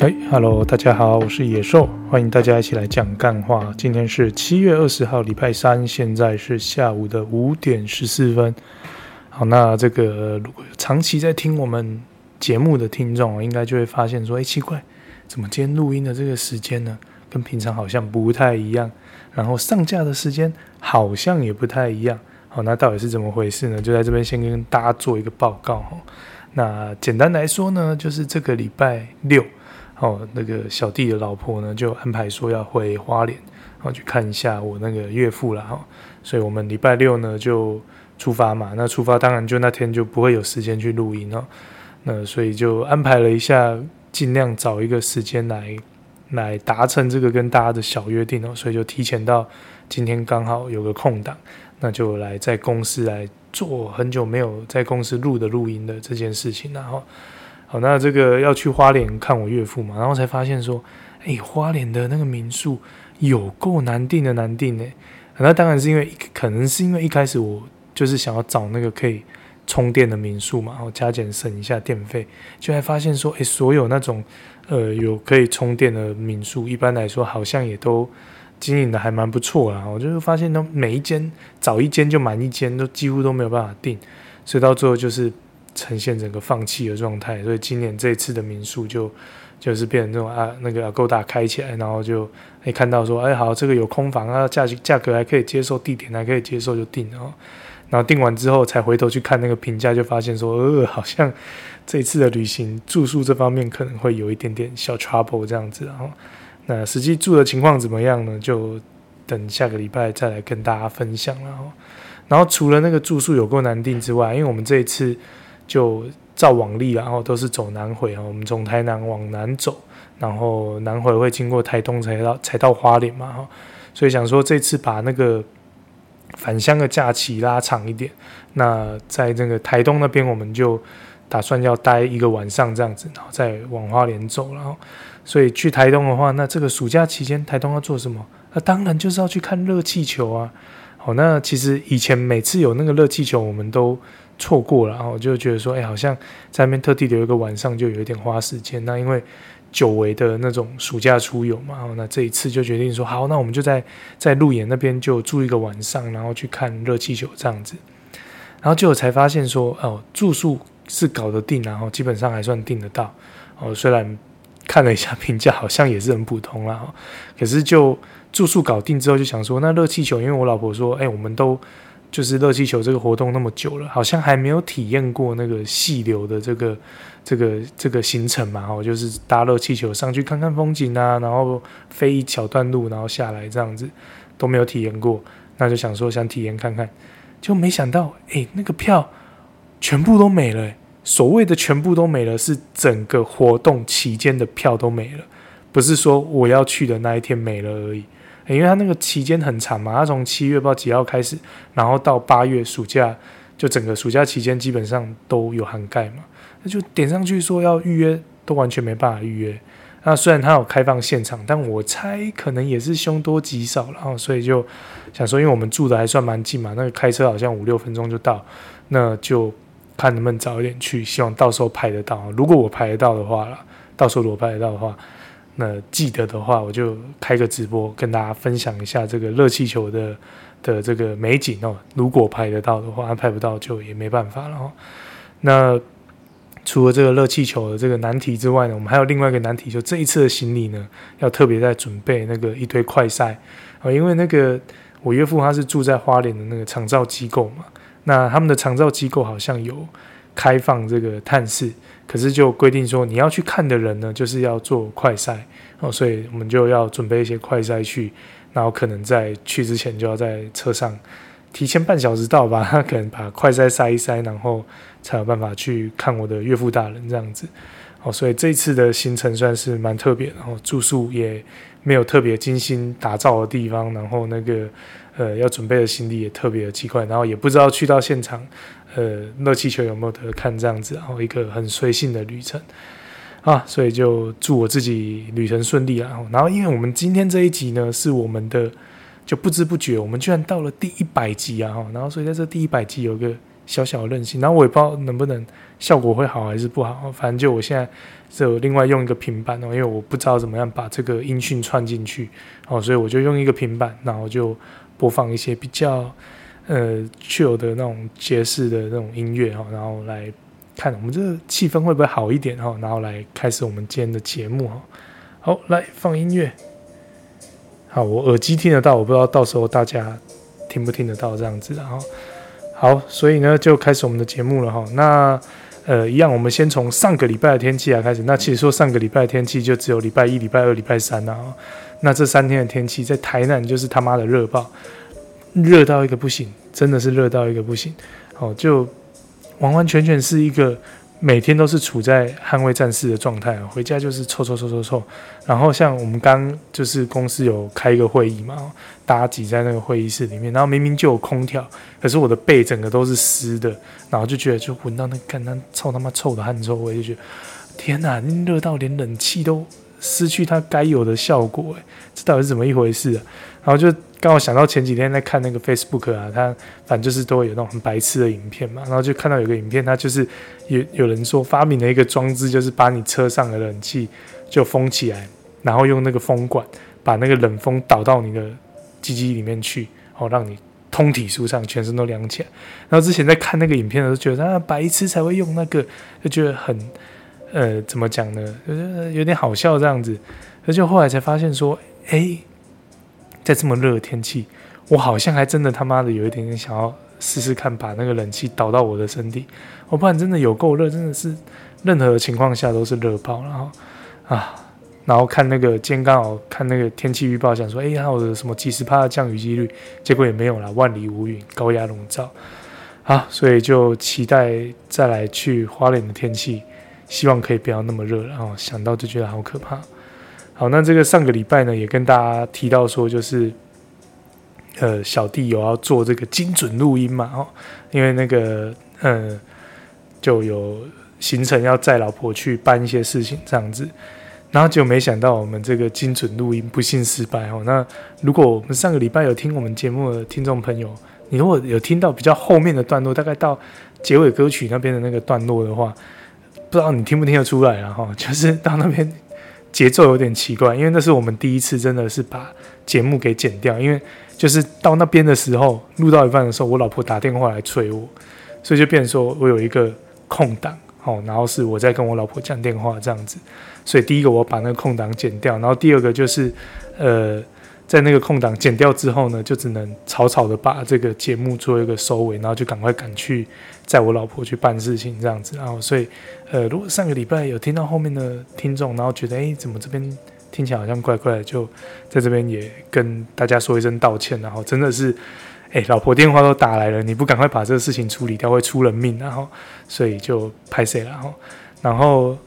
哎哈嘍，大家好，我是野獸，歡迎大家一起來講幹話。今天是七月二十號，禮拜三，現在是下午的五點十四分。好，那這個如果長期在聽我們節目的聽眾，應該就會發現說，哎、欸，奇怪，怎麼今天錄音的這個時間呢？跟平常好像不太一樣？一樣。然後上架的時間好像也不太一樣。好，那到底是怎麼回事呢？就在這邊先跟大家做一個報告哈。那簡單來說呢，就是這個禮拜六。哦，那個小弟的老婆呢，就安排說要回花蓮，然、哦、後去看一下我那個岳父了哈、哦。所以我們禮拜六呢就出發嘛。那出發當然就那天就不會有時間去錄音了、哦。那所以就安排了一下，盡量找一個時間來來達成這個跟大家的小約定哦。所以就提前到今天剛好有個空檔，那就來在公司來做很久沒有在公司錄的錄音的這件事情，了、哦。哈。好，那這個要去花蓮看我岳父嘛，然後才發現說，欸，花蓮的那個民宿有夠難訂的難訂的。那當然是因為可能是因為一開始我就是想要找那個可以充電的民宿嘛，然後加減省一下電費，就還發現說，欸，所有那種呃有可以充電的民宿，一般來說好像也都經營的還蠻不錯啦，我就是發現都每一間找一間就滿一間，都幾乎都沒有辦法訂，所以到最後就是。呈現整個放棄的狀態，所以今年這一次的民宿就就是變成這種啊，那個 Agoda 打開起來，然後就可以看到說，哎，好，這個有空房啊，價價格還可以接受，地點還可以接受就，就定哦。然後定完之後，才回頭去看那個評價，就發現說，呃，好像這次的旅行住宿這方面可能會有一點點小 trouble 這樣子。哦，然後，那實際住的情況怎麼樣呢？就等下個禮拜再來跟大家分享了、哦。然後，除了那個住宿有夠難訂之外，因為我們這一次。就照往例，然後都是走南回啊。我們從台南往南走，然後南回會經過台東才到才到花蓮嘛哈。所以想說這次把那個返鄉的假期拉長一點。那在那個台東那邊，我們就打算要待一個晚上這樣子，然後再往花蓮走。然後，所以去台東的話，那這個暑假期間台東要做什麼？那當然就是要去看熱氣球啊。好，那其實以前每次有那個熱氣球，我們都。錯過了，然後我就覺得說，哎、欸，好像在那邊特地留一個晚上，就有一點花時間。那因為久違的那種暑假出遊嘛，然後那這一次就決定說，好，那我們就在在鹿野那邊就住一個晚上，然後去看熱氣球這樣子。然後結果才發現說，哦，住宿是搞得定，啊，然後基本上還算定得到。哦，雖然看了一下評價，好像也是很普通啦，哦、可是就住宿搞定之後，就想說，那熱氣球，因為我老婆說，哎、欸，我們都。就是熱氣球這個活動那麼久了，好像還沒有體驗過那個繫留的，這個這個這個行程嘛？哦，就是搭熱氣球上去看看風景啊，然後飛一小段路，然後下來這樣子都沒有體驗過，那就想說想體驗看看，就沒想到誒、欸，那個票全部都沒了，欸。所謂的全部都沒了，是整個活動期間的票都沒了，不是說我要去的那一天沒了而已。欸、因為他那個期間很長嘛，他從七月不知道幾號開始，然後到八月暑假，就整個暑假期間基本上都有涵蓋嘛。那就點上去說要預約，都完全沒辦法預約。那雖然他有開放現場，但我猜可能也是凶多吉少然後、啊、所以就想說，因為我們住的還算蠻近嘛，那個開車好像五六分鐘就到，那就看能不能早一點去，希望到時候排得到、啊。如果我排得到的話，到時候如果排得到的話。那記得的話，我就開個直播跟大家分享一下這個熱氣球的的這個美景哦。如果拍得到的話，拍不到就也沒辦法了哦。那除了這個熱氣球的這個難題之外呢，我們還有另外一個難題，就這一次的行李呢，要特別在準備那個一堆快篩啊，呃，因為那個我岳父他是住在花蓮的那個長照機構嘛，那他們的長照機構好像有開放這個探視。可是就規定說，你要去看的人呢，就是要做快篩哦，所以我們就要準備一些快篩去，然後可能在去之前就要在車上提前半小時到吧，他可能把快篩塞，塞一塞，然後才有辦法去看我的岳父大人這樣子哦，所以這次的行程算是蠻特別，然後住宿也沒有特別精心打造的地方，然後那個呃要準備的行李也特別的奇怪，然後也不知道去到現場。呃，熱氣球有沒有得看這樣子？然後一個很隨性的旅程啊，所以就祝我自己旅程順利啊。然後，因為我們今天這一集呢，是我們的就不知不覺，我們居然到了第一百集啊。然後所以在這第一百集有一個小小的任性，然後我也不知道能不能效果會好還是不好。反正就我現在就另外用一個平板哦，因為我不知道怎麼樣把這個音訊串進去哦，所以我就用一個平板，然後就播放一些比較。呃，舊的那種爵士的那種音樂哈，然後來看我們這個氣氛會不會好一點哈，然後來開始我們今天的節目哈。好，來放音樂。好，我耳機聽得到，我不知道到時候大家聽不聽得到這樣子。然後，好，所以呢，就開始我們的節目了哈。那呃，一樣，我們先從上個禮拜的天氣來開始。那其實說上個禮拜的天氣就只有禮拜一、禮拜二、禮拜三啊。那這三天的天氣在台南就是他媽的熱爆。熱到一個不行，真的是熱到一個不行，哦，就完完全全是一個每天都是處在捍衛戰士的狀態啊！回家就是臭臭臭臭臭臭。然後像我們剛就是公司有開一個會議嘛，大家擠在那個會議室裡面，然後明明就有空調，可是我的背整個都是濕的，然後就覺得就聞到那幹那臭他媽臭的汗臭味，我就覺得天哪、啊，熱到連冷氣都失去它該有的效果，欸，哎，這到底是怎麼一回事啊？然後就。剛好想到前幾天在看那個 Facebook 啊，他反正就是都會有那種很白痴的影片嘛，然後就看到有一個影片，他就是有有人說發明了一個裝置，就是把你車上的冷氣就封起來，然後用那個風管把那個冷風導到你的機機裡面去，哦，讓你通體舒暢，全身都涼起來。然後之前在看那個影片的時候，覺得啊，白痴才會用那個，就覺得很呃，怎麼講呢？有點好笑這樣子。而且後來才發現說，哎、欸。在這麼熱的天氣，我好像還真的他媽的有一點點想要試試看，把那個冷氣導到我的身體。我、哦、不然真的有夠熱，真的是任何情況下都是熱爆。然後啊，然後看那個今天剛好看那個天氣預報，想說，哎，呀，我的什麼幾十帕的降雨幾率，結果也沒有了，萬里無雲，高壓籠罩。啊，所以就期待再來去花蓮的天氣，希望可以不要那麼熱。然後想到就覺得好可怕。好，那這個上個禮拜呢，也跟大家提到說，就是，呃，小弟有要做這個精準錄音嘛，哦，因為那個，呃、嗯，就有行程要載老婆去辦一些事情這樣子，然後就沒想到我們這個精準錄音不幸失敗哦。那如果我們上個禮拜有聽我們節目的聽眾朋友，你如果有聽到比較後面的段落，大概到結尾歌曲那邊的那個段落的話，不知道你聽不聽得出來了、啊、哈、哦，就是到那邊。節奏有點奇怪，因為那是我們第一次真的是把節目給剪掉，因為就是到那邊的時候，錄到一半的時候，我老婆打電話來催我，所以就變成說我有一個空檔，哦，然後是我在跟我老婆講電話這樣子，所以第一個我把那個空檔剪掉，然後第二個就是，呃，在那個空檔剪掉之後呢，就只能草草的把這個節目做一個收尾，然後就趕快趕去。載我老婆去辦事情這樣子，然後所以，呃，如果上個禮拜有聽到後面的聽眾，然後覺得，哎、欸，怎麼這邊聽起來好像怪怪的，就在這邊也跟大家說一聲道歉，然後真的是，哎、欸，老婆電話都打來了，你不趕快把這個事情處理掉，會出人命，然後，所以就拍謝了，然後，然後，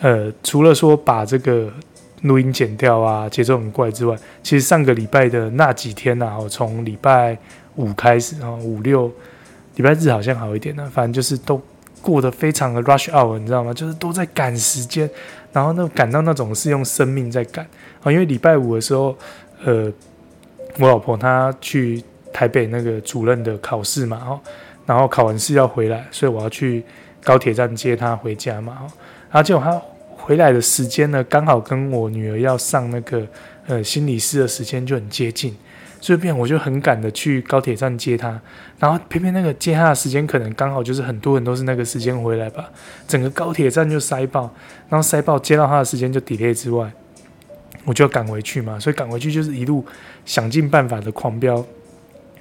呃，除了說把這個錄音剪掉啊，節奏很怪之外，其實上個禮拜的那幾天，然後從禮拜五開始，然後五六。禮拜日好像好一點呢、啊，反正就是都過得非常的 rush hour，你知道嗎？就是都在趕時間，然後那趕到那種是用生命在趕、哦、因為禮拜五的時候，呃，我老婆她去台北那個主任的考試嘛，然、哦、後然後考完試要回來，所以我要去高鐵站接她回家嘛。哦、然後結果她回來的時間呢，剛好跟我女兒要上那個呃心理師的時間就很接近。這邊我就很趕的去高鐵站接他，然後偏偏那個接他的時間可能剛好就是很多人都是那個時間回來吧，整個高鐵站就塞爆，然後塞爆接到他的時間就 delay 之外，我就要趕回去嘛，所以趕回去就是一路想盡辦法的狂飆，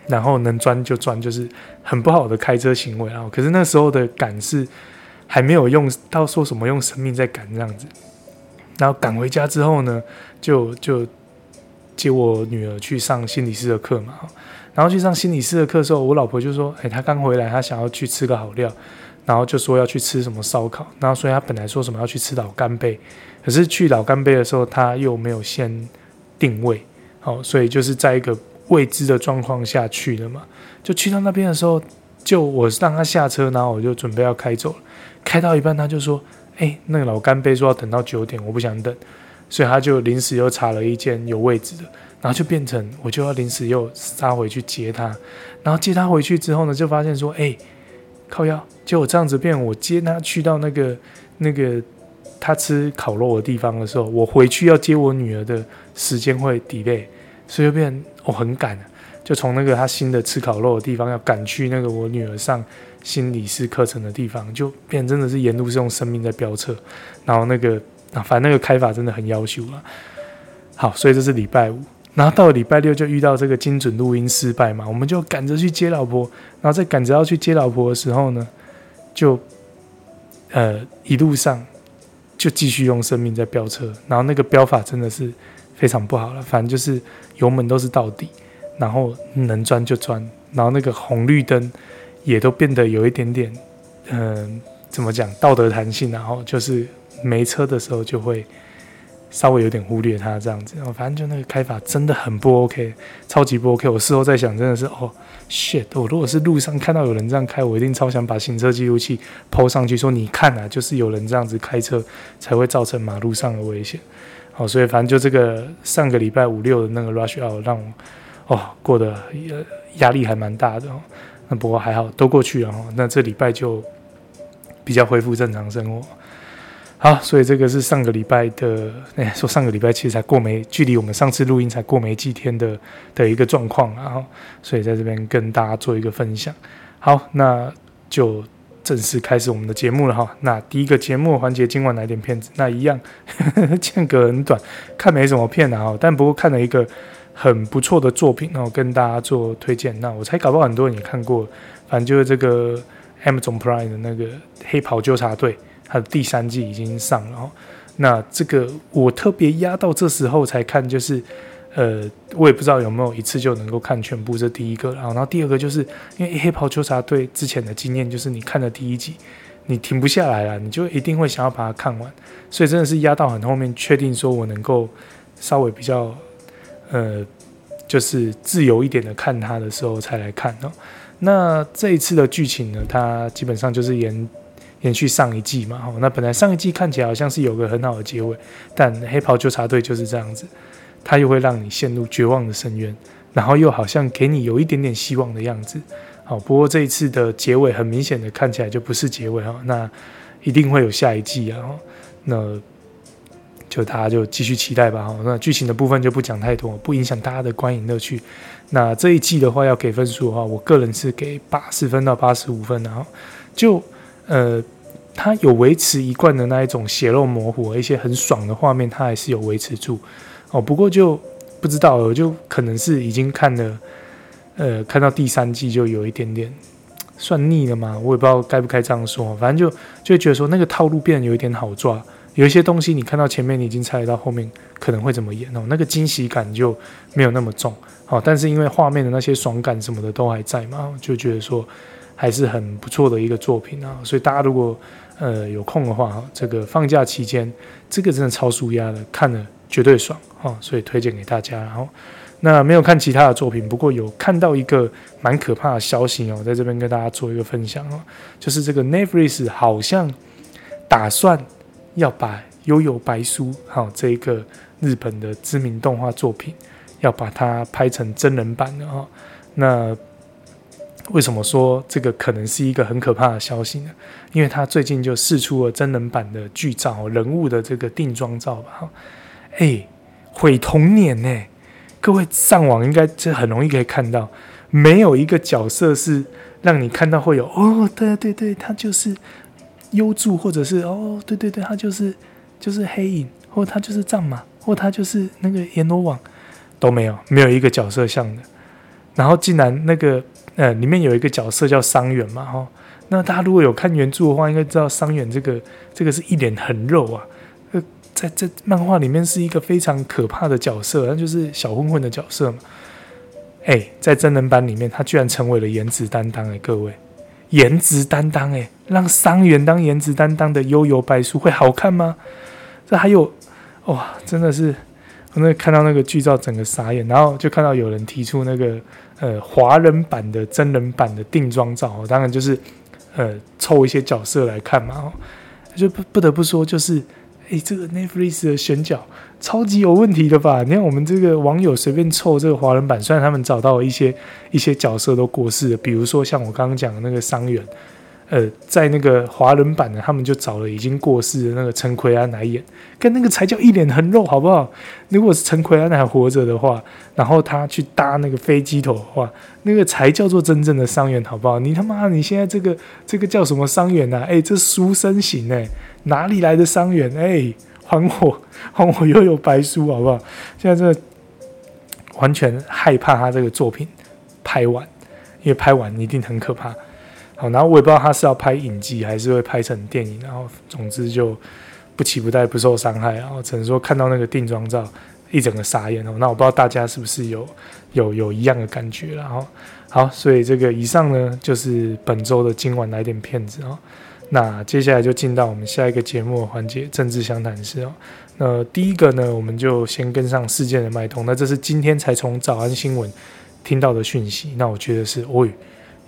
然後能鑽就鑽，就是很不好的開車行為啊。可是那時候的趕是還沒有用到說什麼用生命在趕這樣子，然後趕回家之後呢，就就。接我女兒去上心理師的課嘛，然後去上心理師的課的時候，我老婆就說：“欸，她剛回來，她想要去吃個好料，然後就說要去吃什麼燒烤。然後所以她本來說什麼要去吃老乾杯，可是去老乾杯的時候，她又沒有先定位，喔，所以就是在一個未知的狀況下去了嘛。就去到那邊的時候，就我讓她下車，然後我就準備要開走了。開到一半，她就說：“哎，欸，那個老乾杯說要等到九點，我不想等。”所以他就臨時又查了一間有位置的，然後就變成我就要臨時又殺回去接他，然後接他回去之後呢，就發現說，哎、欸，靠腰，結果這樣子變，我接他去到那個那個他吃烤肉的地方的時候，我回去要接我女兒的時間會 delay，所以就變我、哦、很趕，就從那個他新的吃烤肉的地方要趕去那個我女兒上心理師課程的地方，就變成真的是沿路是用生命在飆車，然後那個。反正那個開法真的很夭壽了。好，所以這是禮拜五，然後到了禮拜六就遇到這個精準錄音失敗嘛，我們就趕着去接老婆。然後在趕着要去接老婆的時候呢，就呃一路上就繼續用生命在飆車。然後那個飆法真的是非常不好了，反正就是油門都是到底，然後能鑽就鑽，然後那個紅綠燈也都變得有一點點，嗯、呃，怎麼講道德彈性、啊，然後就是。沒車的時候就會稍微有點忽略它這樣子，哦，反正就那個開法真的很不 OK，超級不 OK。我事後在想，真的是哦，oh shit！我如果是路上看到有人這樣開，我一定超想把行車記錄器拋上去，說你看啊，就是有人這樣子開車才會造成馬路上的危險。好，哦，所以反正就這個上個禮拜五六的那個 rush hour 讓我哦過得壓力還蠻大的哦，那不過還好都過去了哦。那這禮拜就比較恢復正常生活。好，所以這個是上個禮拜的，哎、欸，說上個禮拜其實才過沒，距離我們上次錄音才過沒幾天的的一個狀況，然後，所以在這邊跟大家做一個分享。好，那就正式開始我們的節目了哈、哦。那第一個節目環節，今晚來點片子？那一樣，呵呵間隔很短，看沒什麼片啊哈、哦，但不過看了一個很不錯的作品哦，跟大家做推薦。那我猜搞不好很多人也看過，反正就是這個 Amazon Prime 的那個《黑袍糾察隊》。它的第三季已經上了哦，那這個我特別壓到這時候才看，就是，呃，我也不知道有沒有一次就能夠看全部，這第一個，然後第二個就是因為《黑袍糾察隊》之前的經驗，就是你看的第一集，你停不下來了，你就一定會想要把它看完。所以真的是壓到很後面，確定說我能夠稍微比較，呃，就是自由一點的看它的時候才來看哦，那這一次的劇情呢，它基本上就是沿延續上一季嘛，那本來上一季看起來好像是有個很好的結尾，但黑袍糾察隊就是這樣子，它又會讓你陷入絕望的深淵，然後又好像給你有一點點希望的樣子，好，不過這一次的結尾很明顯的看起來就不是結尾哈，那一定會有下一季啊，那就大家就繼續期待吧，哈，那劇情的部分就不講太多，不影響大家的觀影樂趣。那這一季的話要給分數的話，我個人是給八十分到八十五分，然後就呃。它有維持一貫的那一種血肉模糊，一些很爽的畫面，它還是有維持住哦。不過就不知道，就可能是已經看了，呃，看到第三季就有一點點算膩了嘛。我也不知道該不該這樣說，反正就就覺得說那個套路變得有一點好抓，有一些東西你看到前面，你已經猜得到後面可能會怎麼演哦。那個驚喜感就沒有那麼重哦。但是因為畫面的那些爽感什麼的都還在嘛，就覺得說還是很不錯的一個作品啊、哦。所以大家如果呃，有空的話這個放假期間，這個真的超舒壓的，看了絕對爽哈、哦，所以推薦給大家。然、哦、後，那沒有看其他的作品，不過有看到一個蠻可怕的消息哦，在這邊跟大家做一個分享、哦、就是這個 Netflix 好像打算要把幽《幽遊白書》哈這一個日本的知名動畫作品，要把它拍成真人版的哈、哦，那。為什麼說這個可能是一個很可怕的消息呢？因為他最近就釋出了真人版的劇照，人物的這個定妝照吧。哈，誒，毀童年呢、欸！各位上網應該這很容易可以看到，沒有一個角色是讓你看到會有哦，對對對，他就是幽助，或者是哦，對對對，他就是就是黑影，或他就是藏馬，或他就是那個閻羅王，都沒有，沒有一個角色像的。然後，竟然那個。呃，裡面有一個角色叫桑原嘛，哈，那大家如果有看原著的話，應該知道桑原這個這個是一臉橫肉啊，呃，在這漫畫裡面是一個非常可怕的角色，那就是小混混的角色嘛。哎、欸，在真人版裡面，他居然成為了顏值擔當哎、欸，各位，顏值擔當哎、欸，讓桑原當顏值擔當的幽遊白書會好看嗎？這還有哇、哦，真的是，我那看到那個劇照，整個傻眼，然後就看到有人提出那個。呃，華人版的真人版的定妝照、哦，當然就是，呃，湊一些角色來看嘛、哦，就不不得不說，就是，哎、欸，這個 Netflix 的選角超級有問題的吧？你看我們這個網友隨便湊這個華人版，雖然他們找到一些一些角色都過世了，比如說像我剛剛講的那個傷員。呃，在那個華人版的，他們就找了已經過世的那個陳奎安來演，跟那個才叫一臉橫肉，好不好？如果是陳奎安還活着的話，然後他去搭那個飛機頭的話，那個才叫做真正的桑原，好不好？你他媽你現在這個這個叫什麼桑原啊？哎，這書生型哎、欸，哪裡來的桑原？哎，還我還我幽遊白書，好不好？現在真的完全害怕他這個作品拍完，因為拍完一定很可怕。好，然後我也不知道他是要拍影集還是會拍成電影，然後總之就不期不待，不受傷害，啊只能說看到那個定妝照一整個傻眼哦。那我不知道大家是不是有有有一樣的感覺啦，了。哦好，所以這個以上呢就是本周的今晚來點片子啊。那接下來就進到我們下一個節目的環節政治相談室哦。那第一個呢，我們就先跟上事件的脈動。那這是今天才從早安新聞聽到的訊息。那我覺得是，喂，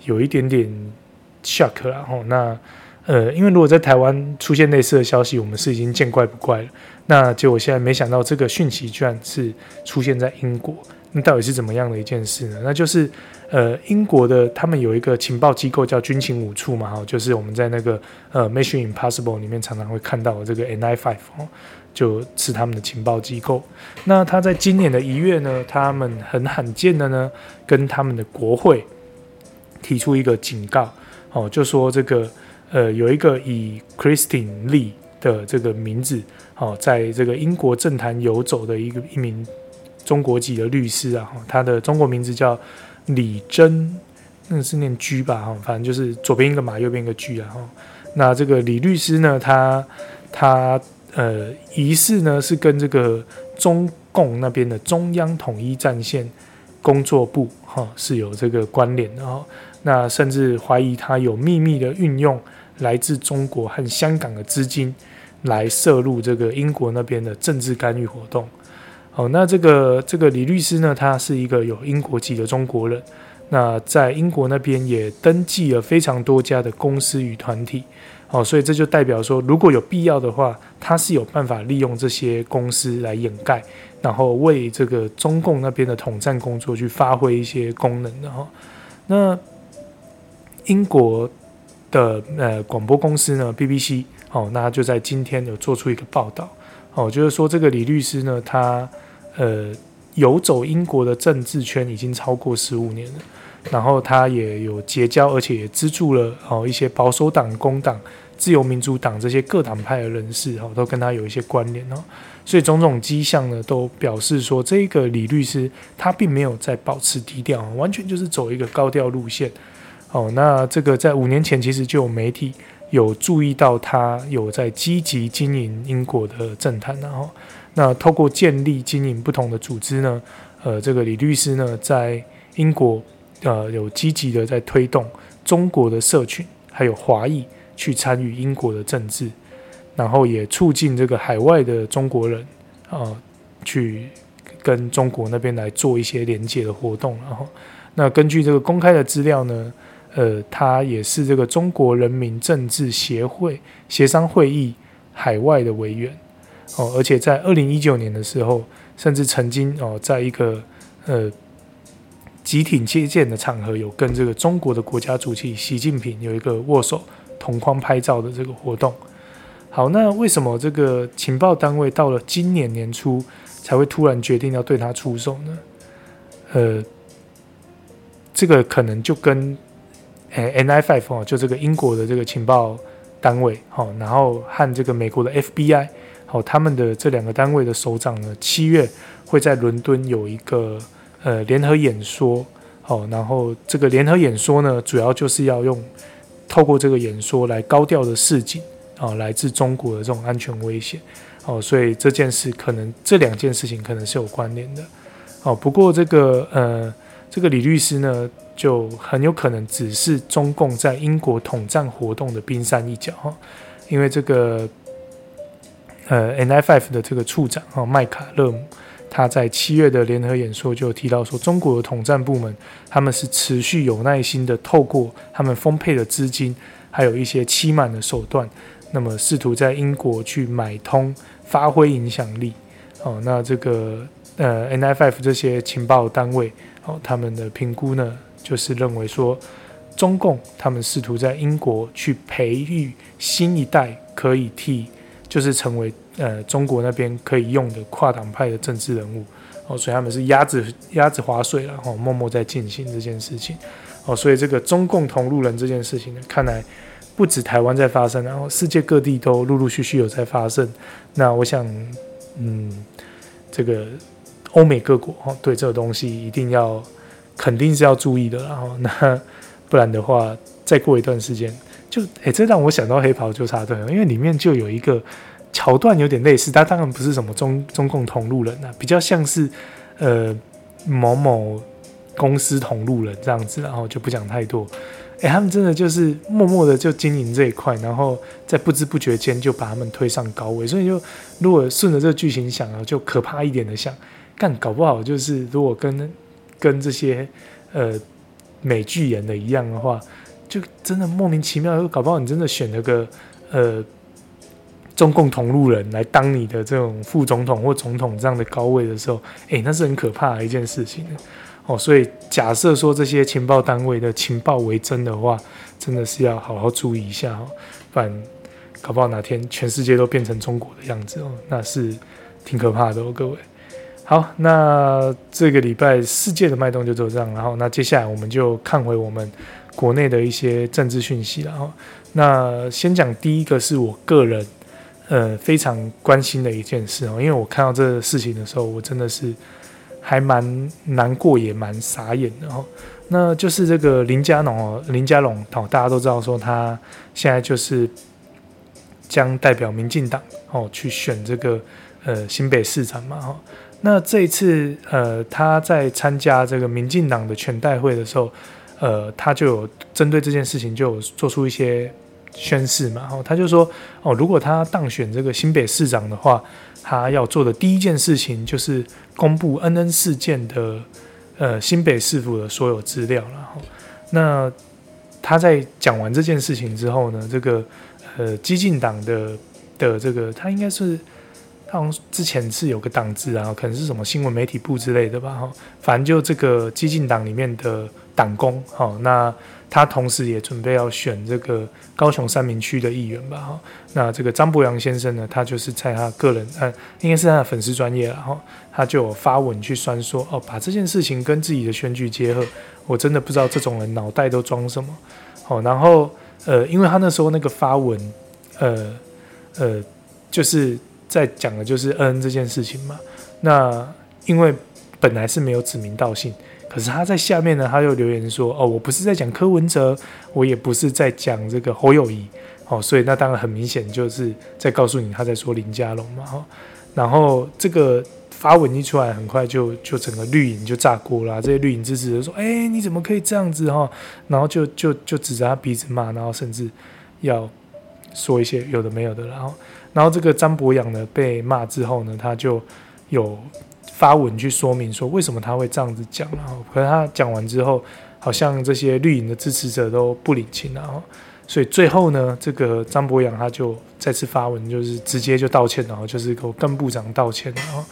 有一點點。Shock 然後、哦、那，呃，因為如果在台灣出現類似的消息，我們是已經見怪不怪了。那結果現在沒想到這個訊息居然是出現在英國，那到底是怎麼樣的一件事呢？那就是，呃，英國的他們有一個情報機構叫軍情五處嘛，哈、哦，就是我們在那個呃《Mission Impossible》裡面常常會看到的這個 MI5、哦、就是他們的情報機構。那他在今年的一月呢，他們很罕見的呢，跟他們的國會提出一個警告。哦，就說這個，呃，有一個以 Christine Lee 的這個名字，哦，在這個英國政壇游走的一個一名中國籍的律師啊，他的中國名字叫李貞，那個是念駒吧，哦，反正就是左邊一個馬，右邊一個句啊，哦，那這個李律師呢，他他呃，疑似呢是跟這個中共那邊的中央統一戰線工作部。哈、哦、是有這個關聯的哦，那甚至懷疑他有秘密的運用來自中國和香港的資金來涉入這個英國那邊的政治干預活動。哦，那這個這個李律師呢，他是一個有英國籍的中國人，那在英國那邊也登記了非常多家的公司與團體。哦，所以這就代表說，如果有必要的話，他是有辦法利用這些公司來掩蓋，然後為這個中共那邊的統戰工作去發揮一些功能的哈，哦。那英國的呃廣播公司呢，BBC，哦，那就在今天有做出一個報道，哦，就是說這個李律師呢，他呃游走英國的政治圈已經超過十五年了。然後他也有結交，而且也資助了哦一些保守黨、工黨、自由民主黨這些各黨派的人士，哈，都跟他有一些關聯哈，所以種種跡象呢，都表示說，這個李律師他並沒有在保持低調，完全就是走一個高調路線。哦，那這個在五年前其實就有媒體有注意到他有在積極經營英國的政壇，然後那透過建立經營不同的組織呢，呃，這個李律師呢在英國。呃，有積極的在推動中國的社群，還有華裔去參與英國的政治，然後也促進這個海外的中國人啊、呃，去跟中國那邊來做一些連接的活動。然後，那根據這個公開的資料呢，呃，他也是這個中國人民政治協會協商會議海外的委員哦、呃，而且在二零一九年的時候，甚至曾經哦、呃，在一個呃。集體接見的場合，有跟這個中國的國家主席習近平有一個握手、同框拍照的這個活動。好，那為什麼這個情報單位到了今年年初才會突然決定要對他出手呢？呃，這個可能就跟 MI5 哦，就這個英國的這個情報單位哦，然後和這個美國的 FBI 哦，他們的這兩個單位的首長呢，七月會在倫敦有一個。呃，聯合演說，好，哦，然後這個聯合演說呢，主要就是要用透過這個演說來高調的示警，啊，哦，來自中國的這種安全危險，哦，所以這件事可能這兩件事情可能是有關聯的，哦，不過這個呃，這個李律師呢，就很有可能只是中共在英國統戰活動的冰山一角，哈，哦，因為這個呃，MI5 的這個處長啊，麥、哦、卡勒姆。他在七月的聯合演說就提到說，中國的統戰部門他們是持續有耐心的，透過他們豐沛的資金，還有一些欺瞞的手段，那麼試圖在英國去買通，發揮影響力。哦，那這個呃，MI5 這些情報單位，哦，他們的評估呢，就是認為說，中共他們試圖在英國去培育新一代，可以替，就是成為。呃，中國那邊可以用的跨黨派的政治人物，哦，所以他們是鴨子、鴨子划水了，然後默默在進行這件事情，哦，所以這個中共同路人這件事情呢，看來不止台灣在發生，然後世界各地都陸陸續續有在發生。那我想，嗯，這個歐美各國、哦、對這個東西一定要，肯定是要注意的，然後那不然的話，再過一段時間就誒，這讓我想到黑袍糾察隊，因為裡面就有一個。橋段有點類似，他當然不是什麼中中共同路人吶、啊，比較像是，呃，某某公司同路人這樣子，然後就不講太多。誒、欸，他們真的就是默默的就經營這一塊，然後在不知不覺間就把他們推上高位。所以就如果順着這個劇情想啊，就可怕一點的想，但搞不好就是如果跟跟這些呃美劇演的一樣的話，就真的莫名其妙，又搞不好你真的選了個呃。中共同路人來當你的這種副總統或總統這樣的高位的時候，哎、欸，那是很可怕的一件事情哦。所以假設說這些情報單位的情報為真的話，真的是要好好注意一下哦，不然搞不好哪天全世界都變成中國的樣子哦，那是挺可怕的哦，各位。好，那這個禮拜世界的脈動就走這樣，然後那接下來我們就看回我們國內的一些政治訊息了哈。那先講第一個是我個人。呃，非常關心的一件事哦，因為我看到這個事情的時候，我真的是還蠻難過，也蠻傻眼的哦。那就是這個林佳龍哦，林佳龍哦，大家都知道說他現在就是將代表民進黨哦去選這個呃新北市長嘛。哦，那這一次呃，他在參加這個民進黨的全代會的時候，呃，他就有針對這件事情就有做出一些。宣誓嘛，然後，哦，他就說，哦，如果他當選這個新北市長的話，他要做的第一件事情就是公布恩恩事件的呃新北市府的所有資料，然後，那他在講完這件事情之後呢，這個呃，基進黨的的這個他應該是，他之前是有個黨職啊，可能是什麼新聞媒體部之類的吧，哦、反正就這個基進黨裡面的黨工，吼、哦，那。他同時也準備要選這個高雄三民區的議員吧，哈。那這個張博洋先生呢，他就是在他個人，啊應該是他的粉絲專業啦，哈。他就有發文去酸說，哦，把這件事情跟自己的選舉結合，我真的不知道這種人腦袋都裝什麼？好、哦，然後，呃，因為他那時候那個發文，呃，呃，就是在講的就是恩這件事情嘛。那因為本來是沒有指名道姓。可是他在下面呢，他又留言說：“哦，我不是在講柯文哲，我也不是在講這個侯友宜，哦，所以那當然很明顯就是在告訴你他在說林佳龍嘛，哦，然後這個發文一出來，很快就就整個綠營就炸鍋了。這些綠營支持就說：，哎，欸，你怎麼可以這樣子？哦，然後就就就指着他鼻子罵，然後甚至要說一些有的沒有的。然、哦、後，然後這個張博洋呢被罵之後呢，他就有。”發文去說明說為什麼他會這樣子講，然後可是他講完之後，好像這些綠營的支持者都不領情了，然後所以最後呢，這個張博洋他就再次發文，就是直接就道歉，然後就是跟部長道歉了，然後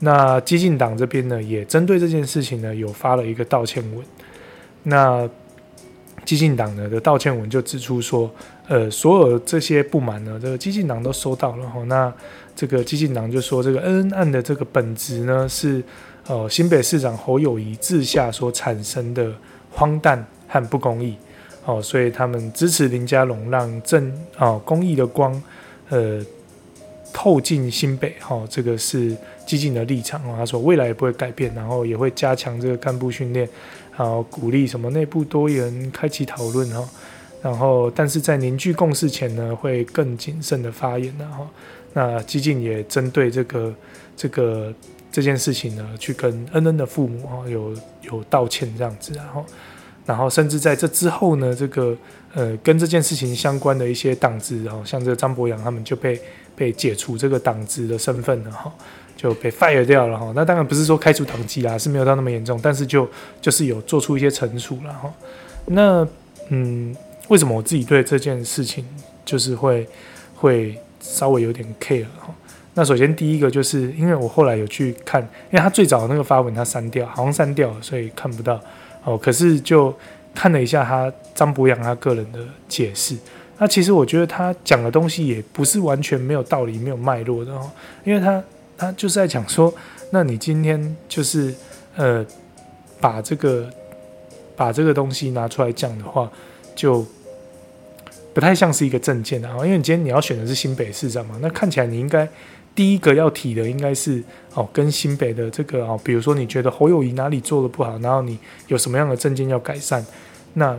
那基進黨這邊呢，也針對這件事情呢，有發了一個道歉文。那基進黨呢的道歉文就指出說，呃，所有這些不滿呢，這個基進黨都收到了，那。這個基進黨就說，這個恩恩案的這個本質呢，是呃新北市長侯友宜治下所產生的荒誕和不公義。哦，所以他們支持林佳龍，讓正啊公義的光呃透進新北。好、哦，這個是基進的立場、哦。他說未來也不會改變，然後也會加強這個幹部訓練，然後鼓勵什麼內部多元開啟討論哈、哦。然後但是在凝聚共識前呢，會更謹慎的發言的哈。哦那基進也針對這個這個這件事情呢，去跟恩恩的父母、哦、有有道歉這樣子，然後、哦、然後甚至在這之後呢，這個呃跟這件事情相關的一些黨職啊，像這個張博洋他們就被被解除這個黨職的身份了哈、哦，就被 fire 掉了哈、哦。那當然不是說開除黨籍啦，是沒有到那麼嚴重，但是就就是有做出一些懲處了哈。那嗯，為什麼我自己對這件事情就是會會？稍微有點 care 哈。那首先第一個就是，因為我後來有去看，因為他最早的那個發文他刪掉，好像刪掉了，所以看不到哦。可是就看了一下他張博洋他個人的解釋。那其實我覺得他講的東西也不是完全沒有道理、沒有脈絡的哦，因為他他就是在講說，那你今天就是呃把這個把這個東西拿出來講的話，就。不太像是一個政見啊，因為你今天你要選的是新北市長嘛，那看起來你應該第一個要提的應該是哦，跟新北的這個哦，比如說你覺得侯友宜哪裡做得不好，然後你有什麼樣的政見要改善，那